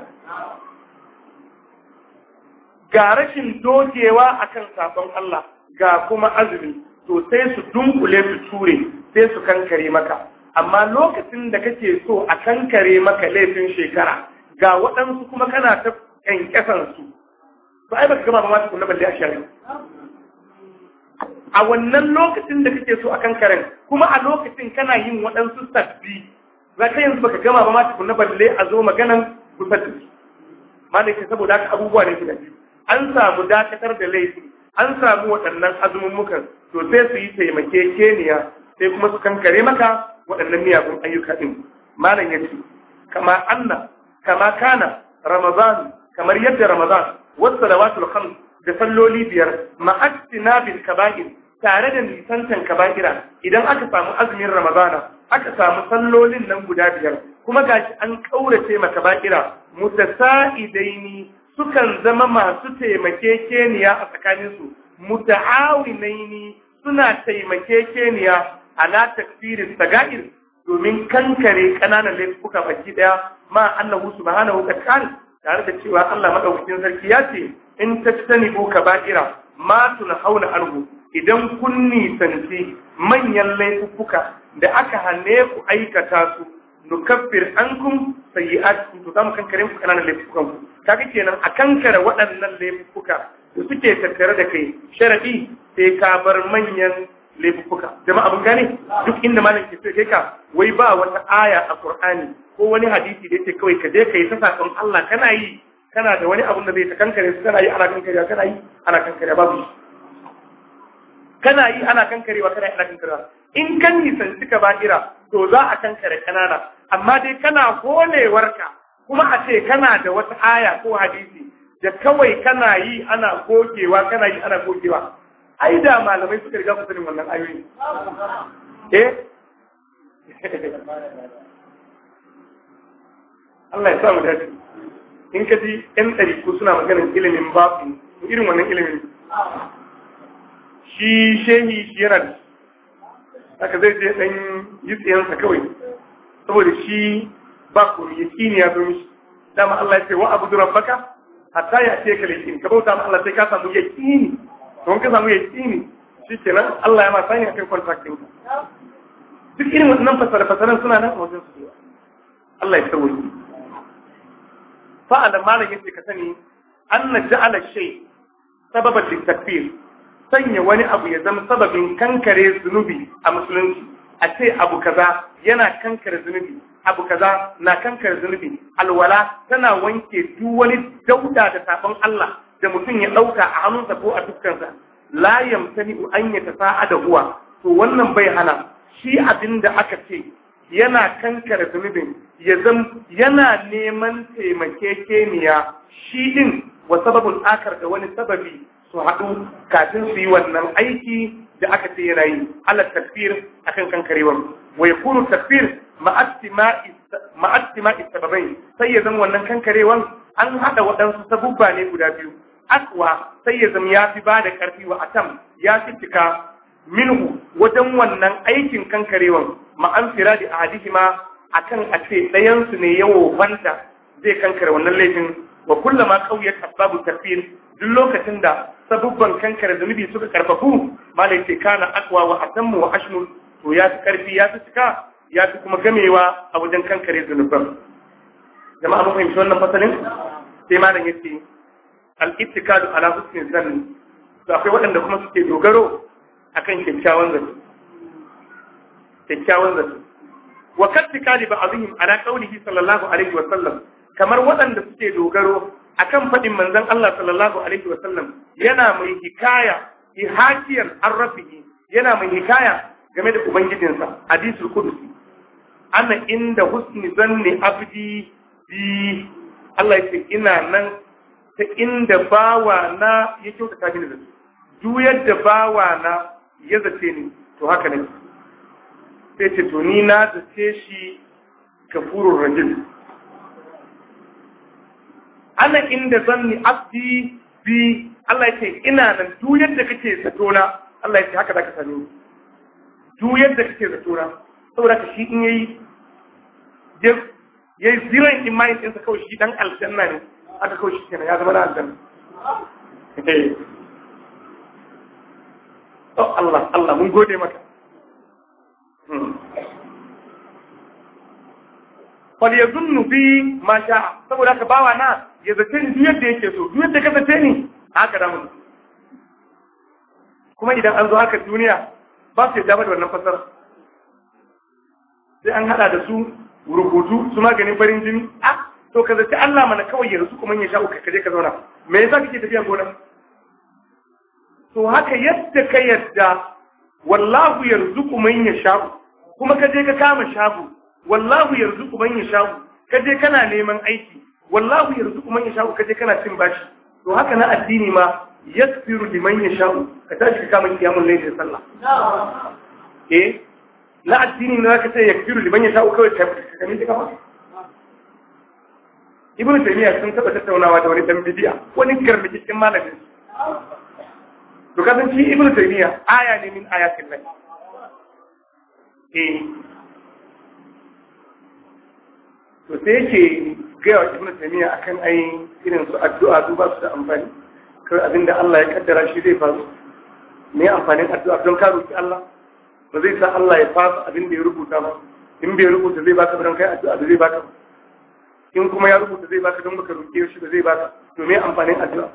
ga rashin dogewa akan sabon Allah ga kuma azumi to sai su dunkule su ture sai su kankare maka amma lokacin da kake so a kankare maka laifin shekara ga waɗansu kuma kana ta ƙyanƙyasan su ba ai baka gama ba ma tukunna balle a shari'a a wannan lokacin da kake so a kankaren kuma a lokacin kana yin waɗansu sabbi zaka ka yanzu baka gama ba ma tukunna balle a zo maganan gusar da malai saboda haka abubuwa ne guda an samu dakatar da laifi an samu waɗannan azumummukan to sai su yi taimake keniya. sai kuma su kankare maka waɗannan miyagun ayyuka ɗin malam ya ce kama anna kama kana ramadan kamar yadda ramadan wasu da da salloli biyar ma'attina bil kaba'ir tare da nisantan kaba'ira idan aka samu azumin ramadana aka samu sallolin nan guda biyar kuma ga shi an kaurace ma kaba'ira mutasa'idaini sukan zama masu taimakekeniya a tsakaninsu muta'awinaini suna taimakekeniya ala takfiri saga'ir domin kankare ƙananan laifuka baki daya ma hana subhanahu ta'ala tare da cewa Allah madaukakin sarki ya ce in ko kaba'ira ma hauna anhu idan kun nisanci manyan laifuka da aka hane ku aikata su nukaffir ankum sayyi'atikum to zamu kankare ku kananan laifukan ku kaga kenan a kankare waɗannan laifuka da suke tattare da kai sharadi sai ka bar manyan laifuka jama'a abun gane duk inda malam ke so kai ka wai ba wata aya a Qur'ani ko wani hadisi da yake kawai ka je kai ta kan Allah kana yi kana da wani abun da zai ta kankare su kana yi ana kankare kana yi ana kankare babu kana yi ana kankarewa kana ana kankarewa in kan nisanci ka ba'ira to za a kankare kanana amma dai kana holewarka kuma a ce kana da wata aya ko hadisi da kawai kana yi ana gogewa kana yi ana gogewa ai da malamai suka riga sanin wannan ayoyi eh Allah ya samu dace in ka ji 'yan ko suna maganin ilimin babu irin wannan ilimin shi shehi shi yana da zai je ɗan yi tsayansa kawai saboda shi ba ku ya kini ya zo dama Allah ya ce wa abudu baka hatta ya ce kale kini ka bauta ma Allah sai ka samu ya kini to ka samu ya kini nan Allah ya ma sani kai contract ɗinka duk irin wannan fasare-fasaren suna nan a wajen su Allah ya sauke fa'ala malamin ce ka sani an na ja'ala shay sababa litakfir sanya wani abu ya zama sababin kankare zunubi a musulunci a ce abu kaza yana kankare zunubi abu kaza na kankare zunubi alwala tana wanke duk wani dauda da sabon Allah da mutum ya dauka a hannunsa ko a dukkansa la yamtani an yatasa'a da huwa to wannan bai hana shi abin da aka ce yana kankare zunubi ya zam yana neman taimakekeniya shi din wa sababin akar da wani sababi su haɗu kafin su yi wannan aiki da aka ce yana yi ala takfir akan kankarewar wa yakunu takfir ma'attima sababai sai ya zama wannan kankarewar an haɗa waɗansu sabubba ne guda biyu akwa sai ya zama ya fi ba da ƙarfi wa atam ya fi cika minhu wajen wannan aikin kankarewar ma'an fira da ahadihima akan a ce ɗayansu ne yawo banta zai kankare wannan laifin wa kullama ƙauyen asbabu takfir duk lokacin da sabubban kankare zunubi suka karfafu malai ce kana akwa wa atammu wa ashnul to ya fi karfi ya fi cika ya fi kuma gamewa a wajen kankare zunuban jama'a mun fahimci wannan fasalin sai malam yace al-ittikadu ala husni zanni to akwai waɗanda kuma suke dogaro akan kyakkyawan zato kyakkyawan zato wa kattikali ba'dihim ala qawlihi sallallahu alaihi wa sallam kamar waɗanda suke dogaro akan faɗin manzon Allah sallallahu alaihi wasallam yana mai hikaya ihakiyar arrafihi yana mai hikaya game da ubangijinsa hadisul kudusi ana inda husni zanni abdi bi Allah yace ina nan ta inda bawa na ya kyautata mini da su duk yadda bawa na ya zace ni to haka ne sai ce to ni na zace shi kafurur rajul ana inda zanni abdi bi Allah ya ce ina nan duk yadda kake zato na Allah ya ce haka zaka same ni duk yadda kake zato na saboda ka shi in yayi yayi ziran in mind ɗinsa kawai shi dan aljanna ne aka kawai shi kenan ya zama na aljanna eh. to Allah, Allah, mun gode maka. Hmm. fal yazunnu bi ma sha'a saboda haka bawa na ya zace ni yadda yake so duk yadda ka zace ni haka da mu kuma idan an zo haka duniya ba su yadda da wannan fasara sai an hada da su rubutu su maganin farin jini a to ka zace Allah mana kawai ya rasu kuma ya sha ka kaje ka zauna me yasa kake tafiya gona to haka yadda ka yadda wallahu yarzuqu man yasha'u kuma ka je ka kama shago wallahu yarzuqu man sha'u. kaje kana neman aiki wallahu yarzuqu man sha'u. kaje kana cin bashi to haka na addini ma yasfiru liman sha'u, ka tashi ka kama kiyamul layl da sallah eh na addini ne ka ce yakfiru liman sha'u kawai ka kamin ka ba ibnu taymiya sun taba tattaunawa da wani dan bidiya wani garbi cikin malamin to kasance shi ibnu taymiya aya ne min ayatin nan eh to sai yake gaya wa ibnu taymiya akan ai irin su addu'a duba su da amfani kar abinda Allah ya kaddara shi zai faru me amfanin addu'a don ka roki Allah ba zai sa Allah ya fasa abin da ya rubuta ba in bai rubuta zai baka don kai addu'a da zai baka in kuma ya rubuta zai baka don baka roke shi ba zai baka to me amfanin addu'a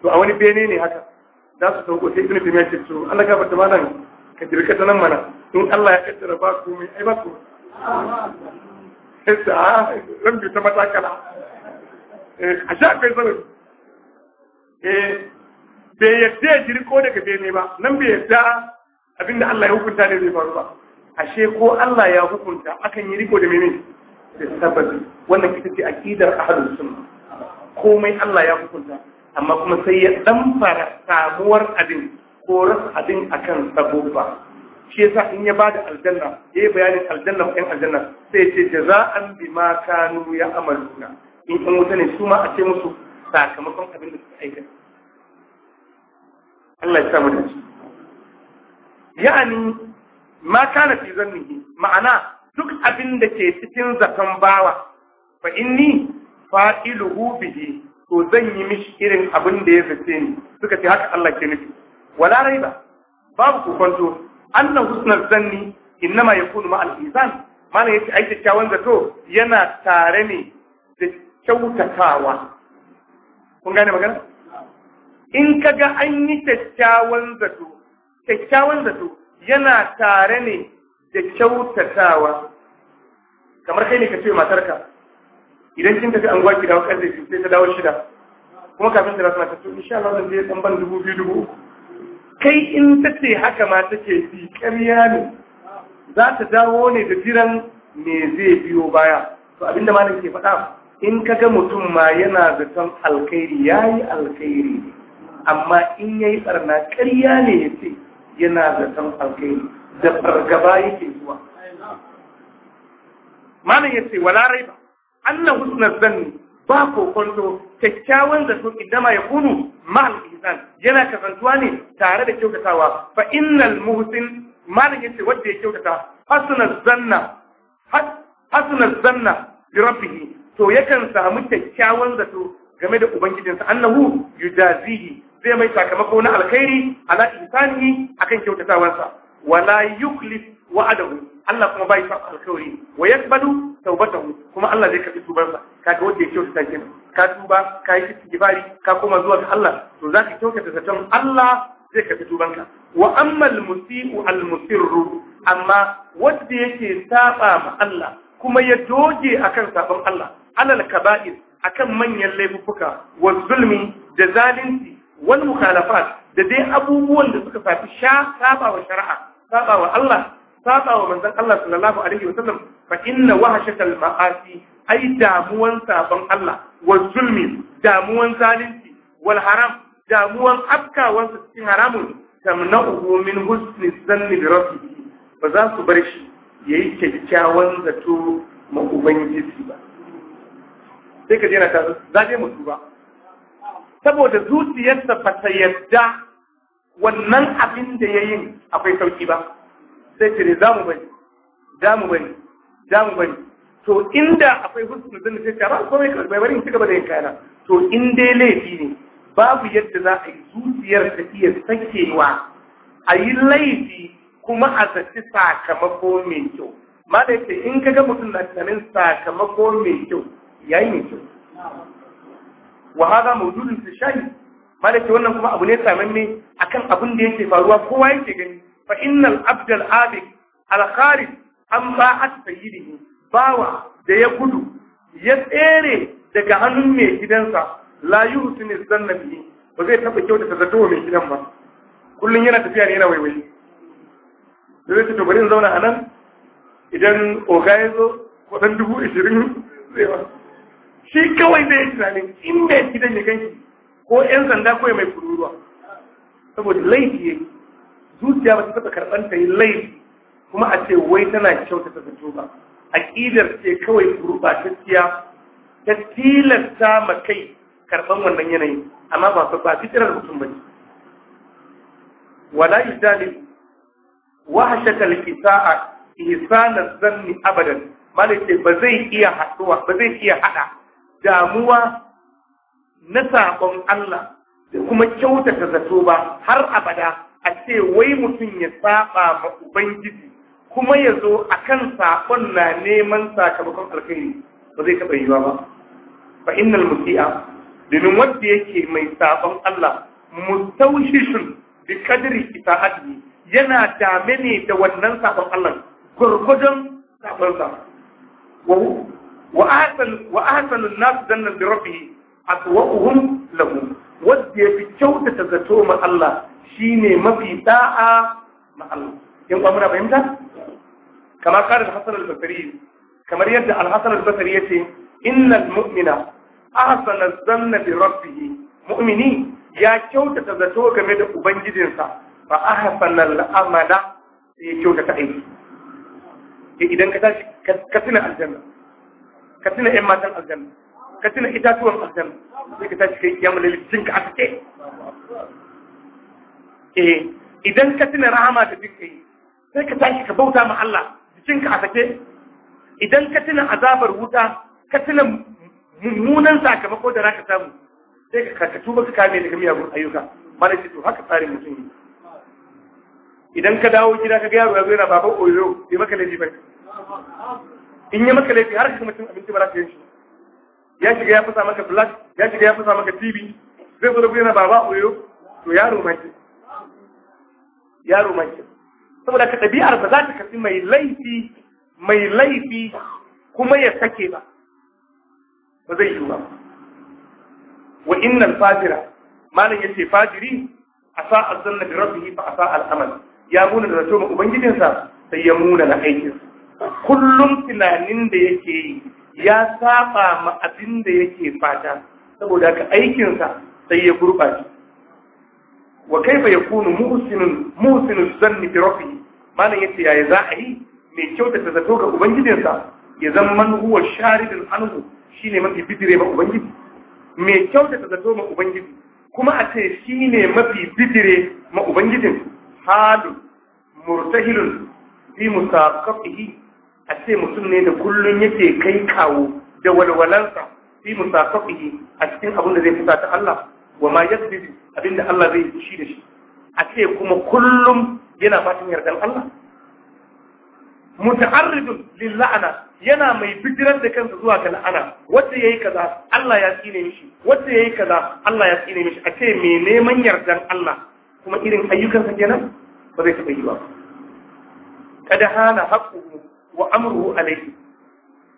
to a wani bene ne haka za su sauko sai ibnu taymiya ce to Allah ka fata malam ka dirka ta nan mana in Allah ya kaddara ba ku mai ai ba ku da zan bi ta matakala eh, a eh, bai yadda ya jiri ko daga bene ba nan bai yadda abinda Allah ya hukunta ne zai faru ba ashe ko Allah ya hukunta akan yi riko da mene da sababi wannan ita ce aqidar ahlus sunna komai Allah ya hukunta amma kuma sai ya dan fara samuwar abin ko rasa abin akan ba. shi yasa in ya bada aljanna yayi bayanin aljanna ko aljanna sai ce jaza'an bima kanu ya amaluna in an wuta ne su ma a ce musu sakamakon abin da suka aikata Allah ya sa mu shi. ya'ani ma kana fi zannihi ma'ana duk abin da ke cikin zakan bawa fa inni fa'iluhu bihi to zan yi mishi irin abin da ya zace ni suka ce haka Allah ke nufi wala raiba babu kokonto annan husnul zanni innama yakunu ma al-izan mana yake ai kyakkyawan zato yana tare ne da kyautatawa kun gane magana in kaga an yi kyakkyawan zato kyakkyawan zato yana tare ne da kyautatawa kamar kai ne ka ce matarka idan kin tafi anguwa ki dawo karfe biyu sai ta dawo shida kuma kafin ta rasu na ta to insha Allah zan je dan ban dubu biyu dubu uku kai in ta ce haka ma take fi ƙarya ne za ta dawo ne da jiran me zai biyo baya to abinda malam ke faɗa in ka ga mutum ma yana zaton alkhairi ya yi alkhairi amma in ya yi ɓarna ƙarya ne ya ce yana zaton alkhairi da fargaba yake zuwa malam ya ce wala rai ba annan husnar zanni ba ko kwanto kyakkyawan zato ma ya kunu mahal ihsan yana kasantuwa ne tare da kyautatawa fa innal muhsin malin yace wanda ya kyautata hasuna zanna hasuna zanna bi rabbih to yakan samu kyakkyawan zato game da ubangijinsa annahu yujazihi zai mai sakamako na alkhairi ala ihsanihi akan kyautatawarsa wala yuklif wa'adahu Allah kuma bai sa alkhairi wa yakbalu tawbatahu kuma Allah zai karbi tubarsa kaga wanda ya kyautata kenan ka duba, ka yi istighfari ka koma zuwa ga Allah to za ka kyautata zaton Allah zai ka tubanka wa ammal musiu al musirru amma wanda yake saba ma Allah kuma ya doge akan sabon Allah alal kaba'ir akan manyan laifuka wa zulmi da zalunci wal mukhalafat da dai abubuwan da suka fafi sha saba wa shari'a saba wa Allah saba wa manzon Allah sallallahu alaihi wasallam fa inna wahshatal ma'asi ai damuwan sabon Allah wal damuwan zalunci wal haram damuwan afkawan wasu cikin haramun tamna'uhu min husni zanni bi rabbihi ba za su bar shi yayi kyakkyawan zato ma ubangiji ba sai ka jera ta zaje mu tuba saboda zuciyarsa ba ta yadda wannan abin da yayin akwai sauki ba sai ce za mu bari za mu bari za mu bari to inda akwai husnul zan sai ta ko mai karbai bari in cigaba da yin kayana to in dai laifi ne babu yadda za a yi zuciyar ta iya sakewa a yi laifi kuma a zaci sakamako mai kyau ma da yake in ka ga mutum na tunanin sakamako mai kyau ya yi mai kyau wa haza mawjudun su shayi ma da yake wannan kuma abu ne samanne akan abin da yake faruwa kowa yake gani fa innal abdal abid al kharij an ba'at sayyidihi bawa da ya gudu ya tsere daga hannun mai gidansa la yuhsinu zanna bihi ba zai taba kyautata zato mai gidan ba Kullum yana tafiya ne yana da zai ce to bari in zauna a nan idan oga ya zo kuɗin dubu ishirin zai ba shi kawai zai yi tunanin in mai gidan ya ganki ko 'yan sanda ko ya mai kururuwa saboda laifi yake zuciya ba ta taɓa karɓar ta yi laifi kuma a ce wai tana kyautata zato ba aƙidar ce kawai gurbatacciya ta tilasta ma kai karɓan wannan yanayi amma ba su ba fitirar mutum ba ne wala wa hashaka al-kisaa ihsana zanni abadan malaka ba zai iya haduwa ba zai iya haɗa. damuwa na sabon Allah da kuma kyautata zato ba har abada a ce wai mutum ya saɓa ma ubangiji kuma ya zo a kan saƙon na neman sakamakon alkhairi ba zai taɓa yiwa ba fa innal musi'a domin wanda yake mai saƙon Allah mustawshishun bi qadri ita'ati yana dame ne da wannan saƙon Allah gurgudun saƙon sa wa ahsan wa ahsan an-nas danna bi rabbih atwa'uhum lahu wanda fi kyautata zato ma Allah shine mafi da'a ma Allah yan kwamura fahimta kama kare da hasan kamar yadda al-hasan al-basri yace innal mu'mina ahsana zanna bi rabbih mu'mini ya kyautata zato game da ubangijinsa fa ahsana al-amala ya kyautata aiki idan ka tuna aljanna ka tuna ƴan matan aljanna ka tuna itatuwan aljanna sai ka tashi idan ka tuna rahama da sai ka ka bauta ma Allah jikinka a sake idan ka tuna azabar wuta ka tuna mummunan sakamako da ka samu sai ka tuba ka kame daga miyagun ayyuka mana ce to haka tsarin mutum ne idan ka dawo gida ka ga yaro ya zo yana baban oyo bai maka laifi ba in yi maka laifi har ka mutum abinci ba za ka yi shi ya shiga ya fasa maka flash ya shiga ya fasa maka tv zai zo da yana baba oyo to yaro manke yaro manke saboda ka ɗabi'ar ba za ta kasi mai laifi mai laifi kuma ya sake ba ba zai yi ba wa innal fajira malam yace fajiri asa azanna bi rabbihi fa asa al-amal ya muna da zato ubangijinsa sai ya muna na aikinsa kullum tunanin da yake yi ya saba ma abin da yake fata saboda ka aikinsa sai ya gurɓace wa kaifa yakunu muhsinun muhsinuz zanni bi rabbih malam yace yaya za a yi mai kyautata zato ga ubangijinsa ya zama man sharidin anhu shine mafi bidire ma ubangiji mai kyautata zato ma ubangiji kuma a ce shine mafi bidire ma ubangijin halu murtahilun fi musaqafihi a ce mutum ne da kullum yake kai kawo da walwalansa fi musaqafihi a cikin abin da zai fita ta Allah wa ma yasbidu abinda Allah zai shi da shi a ce kuma kullum yana fatan yardan Allah muta'arridun lilla'ana yana mai bijirar da kansa zuwa ga la'ana ya yi kaza Allah ya tsine mishi ya yi kaza Allah ya tsine mishi a ce me neman yardan Allah kuma irin ayyukansa kenan ba zai taɓa yi ba kada hana haqquhu wa amruhu alaihi.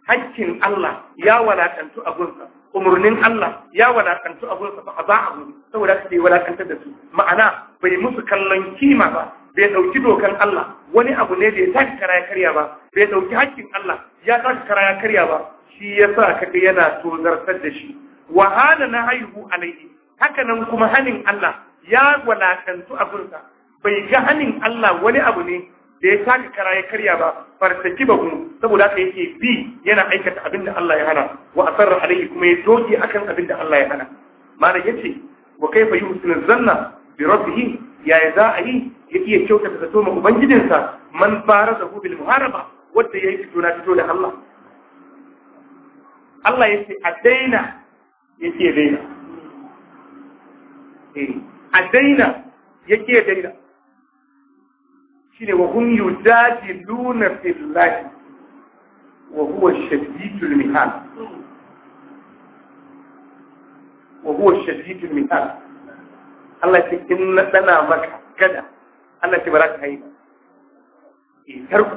Haƙƙin Allah ya walakantu a gunsa umurnin Allah ya walakantu a gunsa ba a ba a saboda sai walakantar da su ma'ana bai musu kallon kima ba bai ɗauki dokan Allah wani abu ne da ya tashi kara ya karya ba bai ɗauki hakkin Allah ya tashi kara ya karya ba shi ya sa kaga yana tozartar da shi wa hana na haihu alaihi haka nan kuma hanin Allah ya walakantu abinsa bai ga hanin Allah wani abu ne da ya taka kara ya karya ba farsaki ba mu saboda haka yake bi yana aikata abin da Allah ya hana wa asarra alaihi kuma ya doge akan abin da Allah ya hana malam yace wa kaifa yuhsinu zanna bi rabbih ya za a yi iya kyautata zato ma ubangijinsa man fara da bil muharaba wanda yayi fito na ta da Allah Allah ya ce a daina ya yake daina eh, a daina ya yake daina shine wa hum yujadiluna fillahi wa huwa shadidul mihal wa huwa shadidul mihal Allah ya ce in na dana maka gada. Allah ce ba za ta haihu e eh, tarku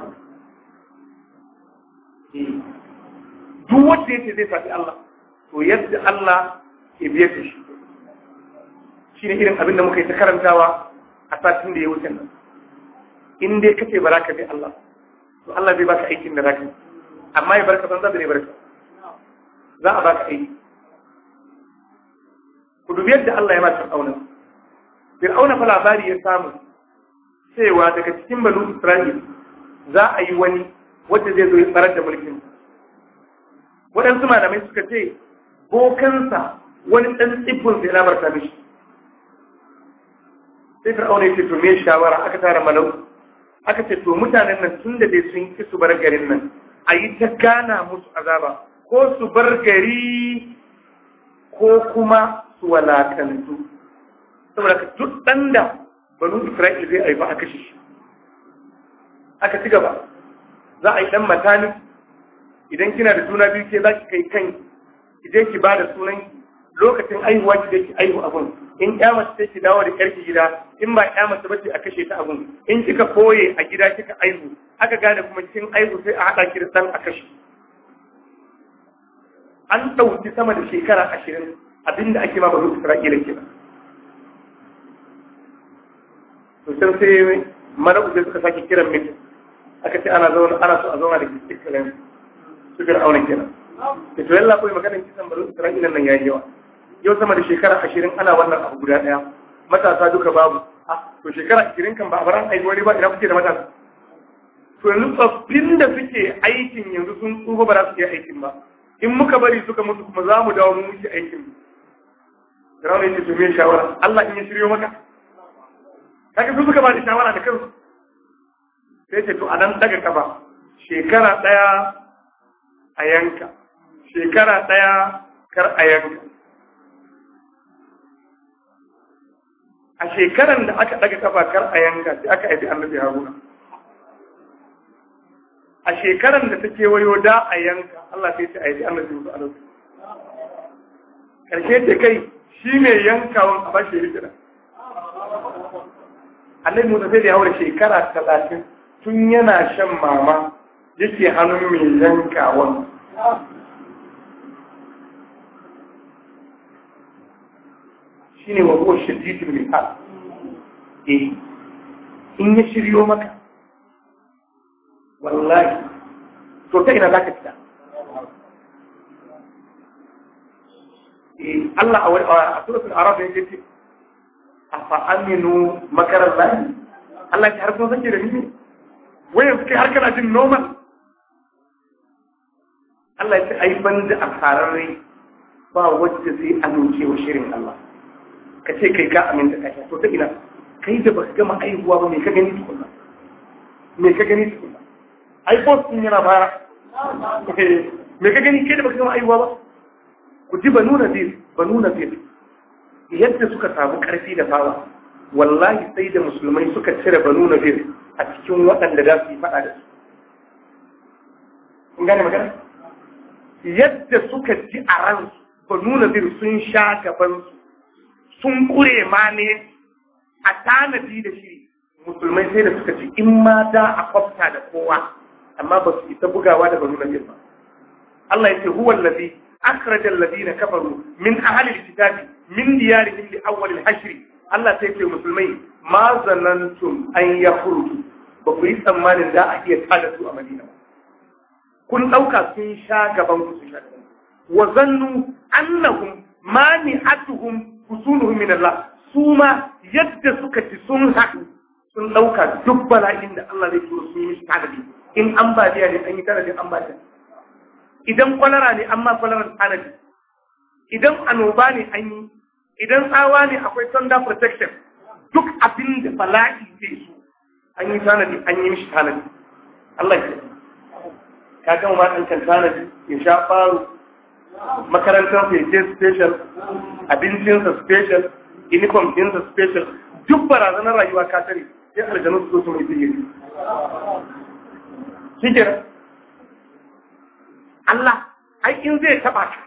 e eh, duk wanda yake zai faɗi Allah to yadda Allah ke biye da shi shi ne irin abin da muka yi ta karantawa a satin da ya wuce nan in dai kace ba za ka bi Allah to Allah bai baka aikin da za ka amma ya barka banza da ya barka za a baka aiki ku dubi yadda Allah ya ma fir'auna fir'auna fa labari ya samu cewa daga cikin banu Isra'il za a yi wani wanda zai zo ya da mulkin waɗansu malamai suka ce bokansa wani ɗan tsibbin zai labarta mishi sai fir'auna ya ce to me shawara aka tara malau aka ce to mutanen nan tun da dai sun ki su bar garin nan a yi ta gana musu azaba ko su bar gari ko kuma su walakantu saboda duk ɗanda. banu isra'il zai aifa a kashe shi aka ci gaba za a yi dan matani idan kina da juna biyu ke za ki kai kan ki je ki bada sunan lokacin aihuwa ki je ki aihu abun in ya mace sai ki dawo da ƙarfi gida in ba ya mace ce a kashe ta abun in kika koye a gida kika aihu aka gane kuma kin aihu sai a haɗa ki da san a kashe an ɗauki sama da shekara ashirin abinda ake ma ba zuwa isra'ila ke ba to can sai mana suka sake kiran mita aka ce ana zaune ana so a zauna da gist excellence su auren kenan da to yalla koyi maganin kisan bari isra'ila nan yayi yawa yau sama da shekara ashirin ana wannan abu guda daya matasa duka babu to shekara ashirin kan ba a baran aiki wani ba ina kuke da matasa to yanzu tsoffin da suke aikin yanzu sun tsufa ba za su iya aikin ba in muka bari suka mutu kuma za mu dawo mu muke aikin Firawun ya ce to me shawara Allah in ya shiryo maka kaga su suka ba da shawara da kansu sai ce to a nan daga kafa shekara ɗaya a yanka shekara ɗaya kar a yanka a shekaran da aka daga kafa kar a yanka sai aka haifi annabi haruna a shekaran da ta wayo da a yanka Allah sai ta haifi annabi musu alaihi lokacin karshe ce kai shi ne yankawan a bashi hijira annabi musa sai da ya haura shekara talatin tun yana shan mama yake hannun mai yankawa shi ne wa ruwan shadidin mai ha eh in ya shiryo maka wallahi to ta ina za ka fita eh, Allah a suratul Arab ya ce afa aminu makarar zai Allah ya harko kun da ni wayan suke har kana jin normal Allah ya ce ai banda a fararre ba wacce zai amince wa shirin Allah ka ce kai ka aminta ka to ta ina kai da baka gama aihuwa ba me ka gani tukunna me ka gani tukunna ai ko sun yana bara me ka gani kai da baka gama aihuwa ba ku ji banu ba nuna zai yadda suka samu ƙarfi da fawa wallahi sai da musulmai suka cire banu na bir a cikin waɗanda za su yi faɗa da su kun gane magana yadda suka ji a ransu banu na bir sun sha gaban su, sun ƙure ma ne a tanadi da shi musulmai sai da suka ci in ma da a kwafta da kowa amma ba su isa bugawa da banu na bir ba Allah ya ce huwa lafi أخرج الذين كفروا من أهل الكتاب من ديارهم لأول الحشر Allah sai ce musulmai ma zanantum an ya furutu ba ku yi tsammanin za a iya tada su a Madina ba. Kun ɗauka sun sha gaban sun sha gaban wa zannu annahum mani'atuhum husunuhum min Allah su ma yadda suka ci sun haɗu sun ɗauka duk bala'in da Allah zai turo sun yi in ambaliya ne an yi tanadin idan kwalara ne amma kwalaran tanadi idan annoba ne an yi idan tsawa ne akwai thunder protection duk abin da bala'i zai so an yi tanadi an yi mishi tanadi Allah ya ka gama ma kan tanadi in sha faru makarantar ke special abincinsa special uniform sa special duk barazanar rayuwa ka tare sai aljanu su zo su mai zai yi shi Allah ai in zai taba ka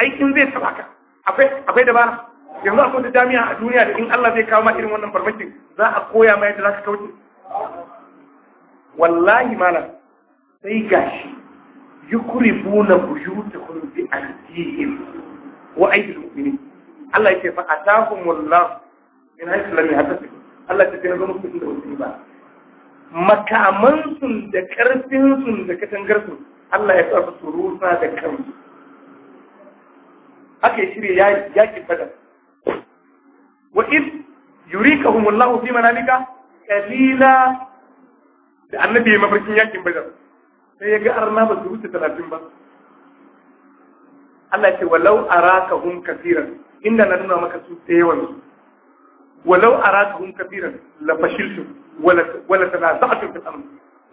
ai in zai taba ka akwai akwai dabara yanzu akwai jami'a a duniya da in Allah zai kawo ma irin wannan farmakin za a koya ma yadda za ka kauce wallahi malam sai gashi yukribuna buyutakum bi aydihim wa aydil mu'minin Allah yake fa atahumullah min haythu lam yahtasibu Allah yake kai zama kudin da wasu ba makamansu sun da karfin sun da katangar sun Allah ya tsarfa suruna da kansu aka yi shirya yakin badar wa iz yurikahum Allah fi manamika kalila da annabi ya mafarkin yakin badar sai ya ga arna ba su wuce talatin ba Allah ce walau arakahum kafiran inda na nuna maka su da yawan su walau arakahum kafiran la fashiltum wala wala tanaza'tum fil amr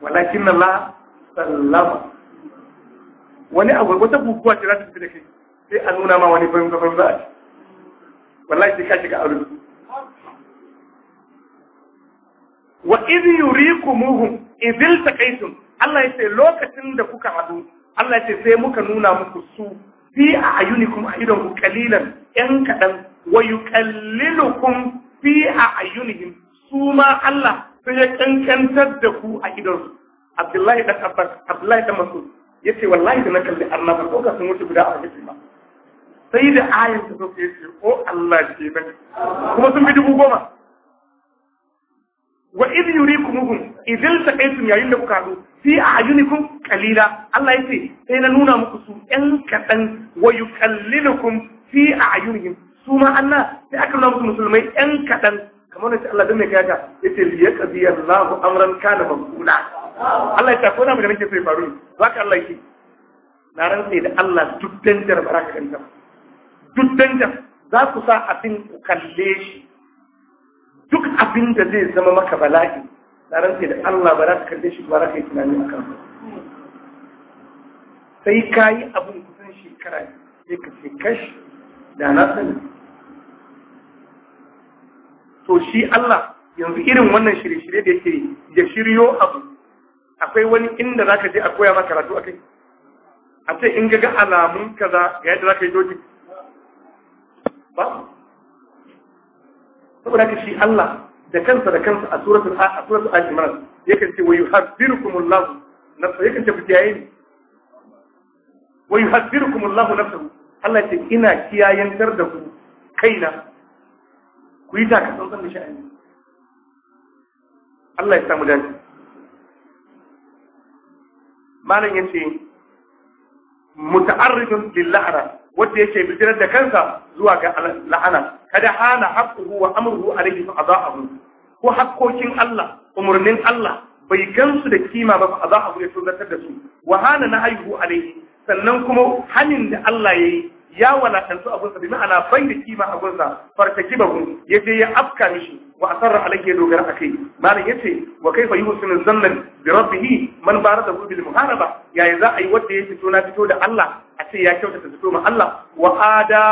walakin Allah sallama wani abu wata guguwa ce za ta tafi da kai sai a nuna ma wani fahimta fahimta a ci wallahi sai ka shiga a rubu wa idhi yurikumuhum idhil taqaytum Allah ya ce lokacin da kuka hadu Allah ya ce sai muka nuna muku su fi a ayunikum a idon ku kalilan yan kaɗan, wa yukallilukum fi a ayunihim su ma Allah sai ya kankantar da ku a idon Abdullahi dan Abbas Abdullahi dan Mas'ud ya ce wallahi da na kalli Allah ba ko ka sun wuce guda a wajen ba sai da ayin ta sauke ce ko oh Allah ce ba kuma sun bi dubu goma wa idh yurikumuhum idil taqaytum yayin da kuka haɗu fi ayunikum qalila Allah ya ce sai na nuna muku su ɗan kaɗan wa yukallilukum fi ayunihim su ma Allah sai aka nuna muku musulmai ɗan kaɗan kamar da Allah dan ne ya ce yace liyaqdi Allahu amran kana maqula Allah ya ko wani abu da nake so faru za ka Allah yake na sai da Allah duk danjar baraka za ka duk danjar za ku sa abin ku kalle shi duk abin da zai zama maka bala'i na sai da Allah ba za ka kalle shi ba za ka yi tunani a kan sai ka yi abin kusan shekara sai ka ce kashi da na sani to shi Allah yanzu irin wannan shirye-shirye da yake ya shiryo abu akwai wani inda za ka je a koya ma karatu a kai a ce in ga alamun kaza ga yadda za ka yi doki ba saboda ka shi Allah da kansa da kansa a suratul a suratul al-imran yakan ce wa yuhabbirukumullahu nafsa yakan ce kiyaye ni wa yuhabbirukumullahu nafsahu Allah ce ina kiyayantar da ku kaina ku yi san da sha'ani Allah ya samu dace malam yace muta'arridun lil la'na wanda yake bijirar da kansa zuwa ga la'ana kada hana haqquhu wa amruhu alayhi fa adaa'ahu ko hakkokin Allah umarnin Allah bai su da kima ba fa adaa'ahu ya tozartar da su wa hana nahayuhu alayhi sannan kuma hanin da Allah yayi ya walakantu a gunsa bi ma'ana bai da kima a Farkaki bahu ya je ya afka mishi wa asarra alayhi dogara akai malam yace wa kaifa yuhsinu zannan bi rabbih man barada hu bil muharaba yi za a yi wanda ya fito na fito da Allah a ce ya kyautata fito ma Allah wa ada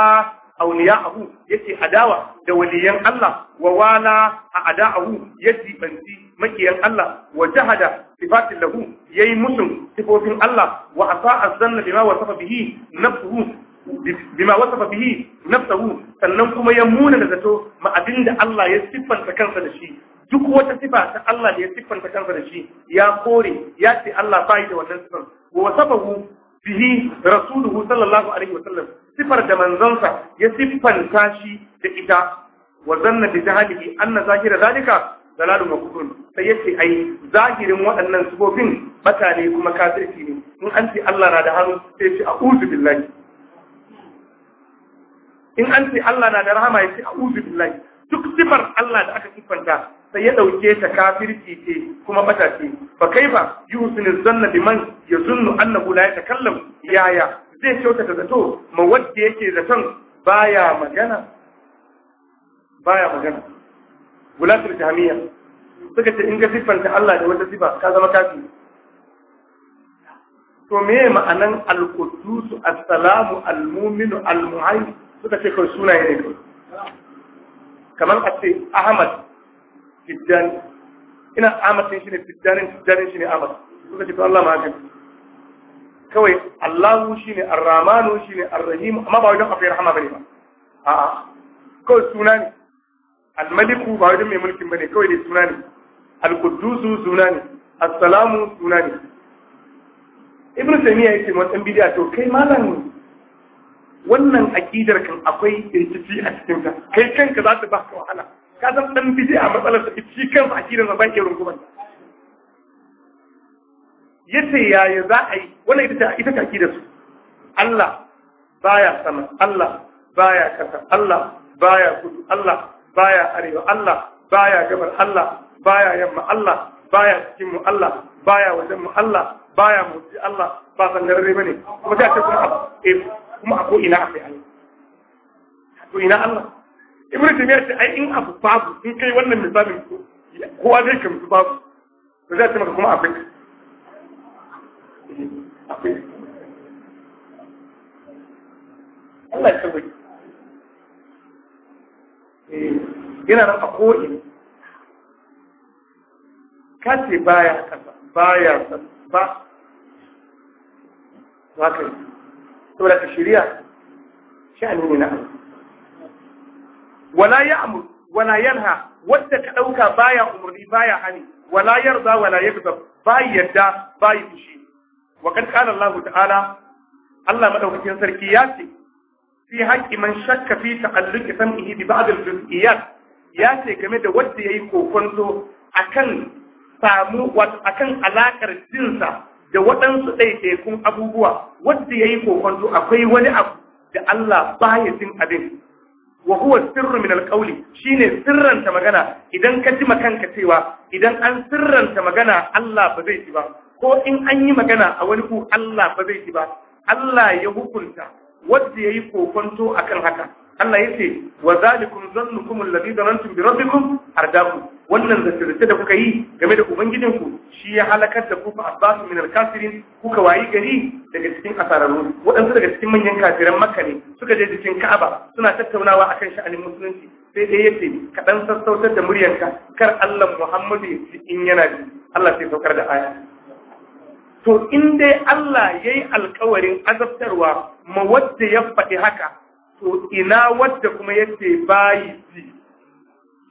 auliya'ahu yace adawa da waliyan Allah wa wala a ada'ahu yace banti makiyan Allah wa jahada sifatin lahu yayi musun sifofin Allah wa a zanna bima wasafa bihi nafsuhu bima wasafa bihi nafsahu sannan kuma ya muna da zato ma abinda Allah ya siffanta kansa da shi duk wata sifa ta Allah da ya siffanta kansa da shi ya kore ya ce Allah bai da wannan sifar wa wasafahu bihi rasuluhu sallallahu alaihi wa sallam sifar da manzonsa ya siffanta shi da ita wa zanna bi jahalihi anna zahira zalika dalalun wa sai yace ai zahirin waɗannan sifofin batane kuma kafirci ne in an ce Allah na da hannu sai ce a'udhu billahi in an ce Allah na da rahama ya ce a'udhu billahi duk sifar Allah da aka siffanta sai ya dauke ta kafirci ce kuma bata ce fa kaifa yusinu zanna biman yazunnu annahu la yatakallam yaya zai kyautata zato ma wanda yake zaton baya magana baya magana gulatul jami'a suka ce in ka siffanta Allah da wata sifa ka zama kafiri to me ma'anan al-qudus as-salamu al-mu'minu al-muhaymin suka ce kawai sunaye ne kawai kamar a ce ahmad tijjani ina ahmad shi ne tijjani tijjani shi ne ahmad suka ce to Allah ma haka kawai Allahu shi ne arramanu shi ne arrahimu amma ba wajen akwai rahama bane ba a'a kawai suna ne almaliku ba wajen mai mulkin bane kawai dai suna ne alqudusu suna ne assalamu suna ne ibnu taymiya yake wannan bidiya to kai malamin wannan aƙidar kan akwai rikici a cikin ka kai kanka za ta ka wahala ka san dan bidi a matsalar sa shi kansa aƙidar ba ke rungumar yace yaya za a yi wannan ita ita ta aƙidar su Allah baya sama Allah baya kasa Allah baya kudu Allah baya arewa Allah baya gabar Allah baya yamma Allah baya cikin mu Allah baya wajen mu Allah baya motsi Allah ba sanarre bane kuma ta ce kuma kuma a ko'ina akwai Allah. A ko'ina Allah. Ibn Taymiyyah ce ai in abu babu in kai wannan misalin kowa zai kamsu babu. Ba za ta maka kuma akwai. Akwai. Allah ya tabbaki. Yana nan a ko'ina. Kace baya kasa, baya ba. Za ka yi. saboda ka shirya sha'ani ne na Allah wala ya'mur wala yanha wanda ka ɗauka baya umarni baya hani wala yarda wala yakzab bai yadda yi fushi wa kad qala Allah ta'ala Allah madaukakin sarki ya ce fi haqqi man shakka fi ta'alluqi sam'ihi bi ba'd al-juz'iyat ya ce game da wanda yayi kokonto akan samu akan alakar jinsa da waɗansu ɗaiɗaikun abubuwa wanda ya yi kokonto akwai wani abu da Allah ba ya jin abin wa huwa sirru min shi shine sirranta magana idan ka ji makanka cewa idan an sirranta magana Allah ba zai ji ba ko in an yi magana a wani ku Allah ba zai ji ba Allah ya hukunta wanda yi kokonto akan haka Allah yace wa zalikum zannukum alladhi dhanantum bi rabbikum ardakum wannan zace da kuka yi game da ubangijinku shi ya halakar da ku fa asbasu min kuka wayi gari daga cikin asararru waɗansu daga cikin manyan kafiran makka ne suka je cikin ka'aba suna tattaunawa akan sha'anin musulunci sai dai yace ka dan sassautar da muryarka kar Allah Muhammadu ya in yana bi. Allah sai saukar da aya to in dai Allah yayi alkawarin azabtarwa ma wadda ya faɗi haka to ina wadda kuma yake bayi ji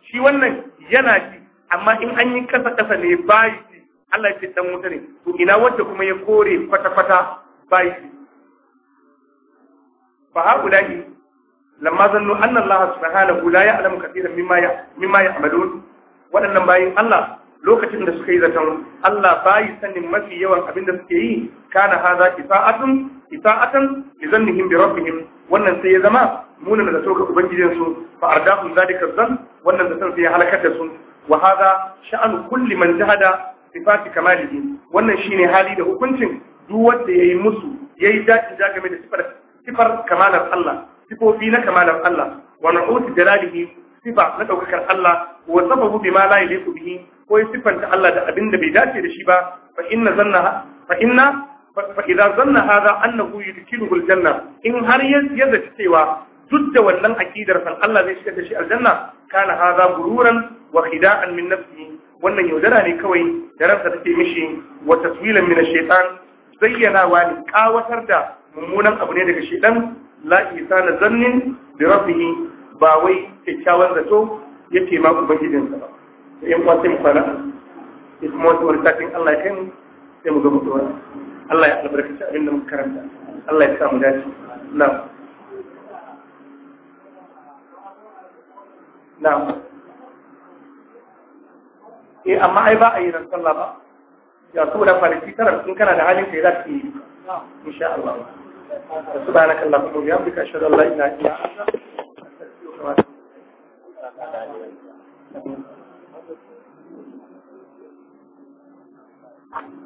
shi wannan yana ji amma in an yi kasa kasa ne bayi ji Allah ya ce dan wuta ne to ina wadda kuma ya kore kwata kwata bayi ji fa haula'i lamma zannu anna Allah subhanahu la ya'lam katiran mimma ya mimma ya'malun waɗannan bayin Allah lokacin da suka yi zaton Allah bayi sanin mafi yawan abin da suke yi kana haza isa'atun isa'atan li zannihim bi rabbihim wannan sai ya zama munan da sauka ubangijin su fa ardahu zalika zan wannan da san sai ya halakar da su wa hada sha'an kulli man jahada sifati kamalihi wannan shine hali da hukuncin duk wanda yayi musu yayi daji da game da sifar sifar kamalar Allah sifofi na kamalar Allah wa nu'ut jalalihi sifa na daukakar Allah wa sababu bima la yaliku bihi ko sifanta Allah da abin da bai dace da shi ba fa inna zanna fa inna fa idza zanna hadha annahu yudkhiluhu aljanna in har ya zaci cewa duk da wannan akidar san Allah zai shigar da shi aljanna kana hadha gururan wa an min nafsi wannan yaudara ne kawai da ransa take mishi wa taswilan min ash-shaytan zayyanawa ne kawatar da mummunan abu ne daga shaytan la isana zannin bi rabbihi ba wai kyakkyawan zato yake ma ubangijinsa ba yan uwa sai mu kwana ismo wani satin Allah ya kai sai mu ga mutuwa Allah ya albarkaci abin da muka karanta Allah ya sa mu dace na'am na'am eh, amma ai ba a yi ran ba ya saboda farki tara sun kana da halin da za ka yi insha Allah سبحانك اللهم وبحمدك اشهد ان لا اله الا انت استغفرك واتوب اليك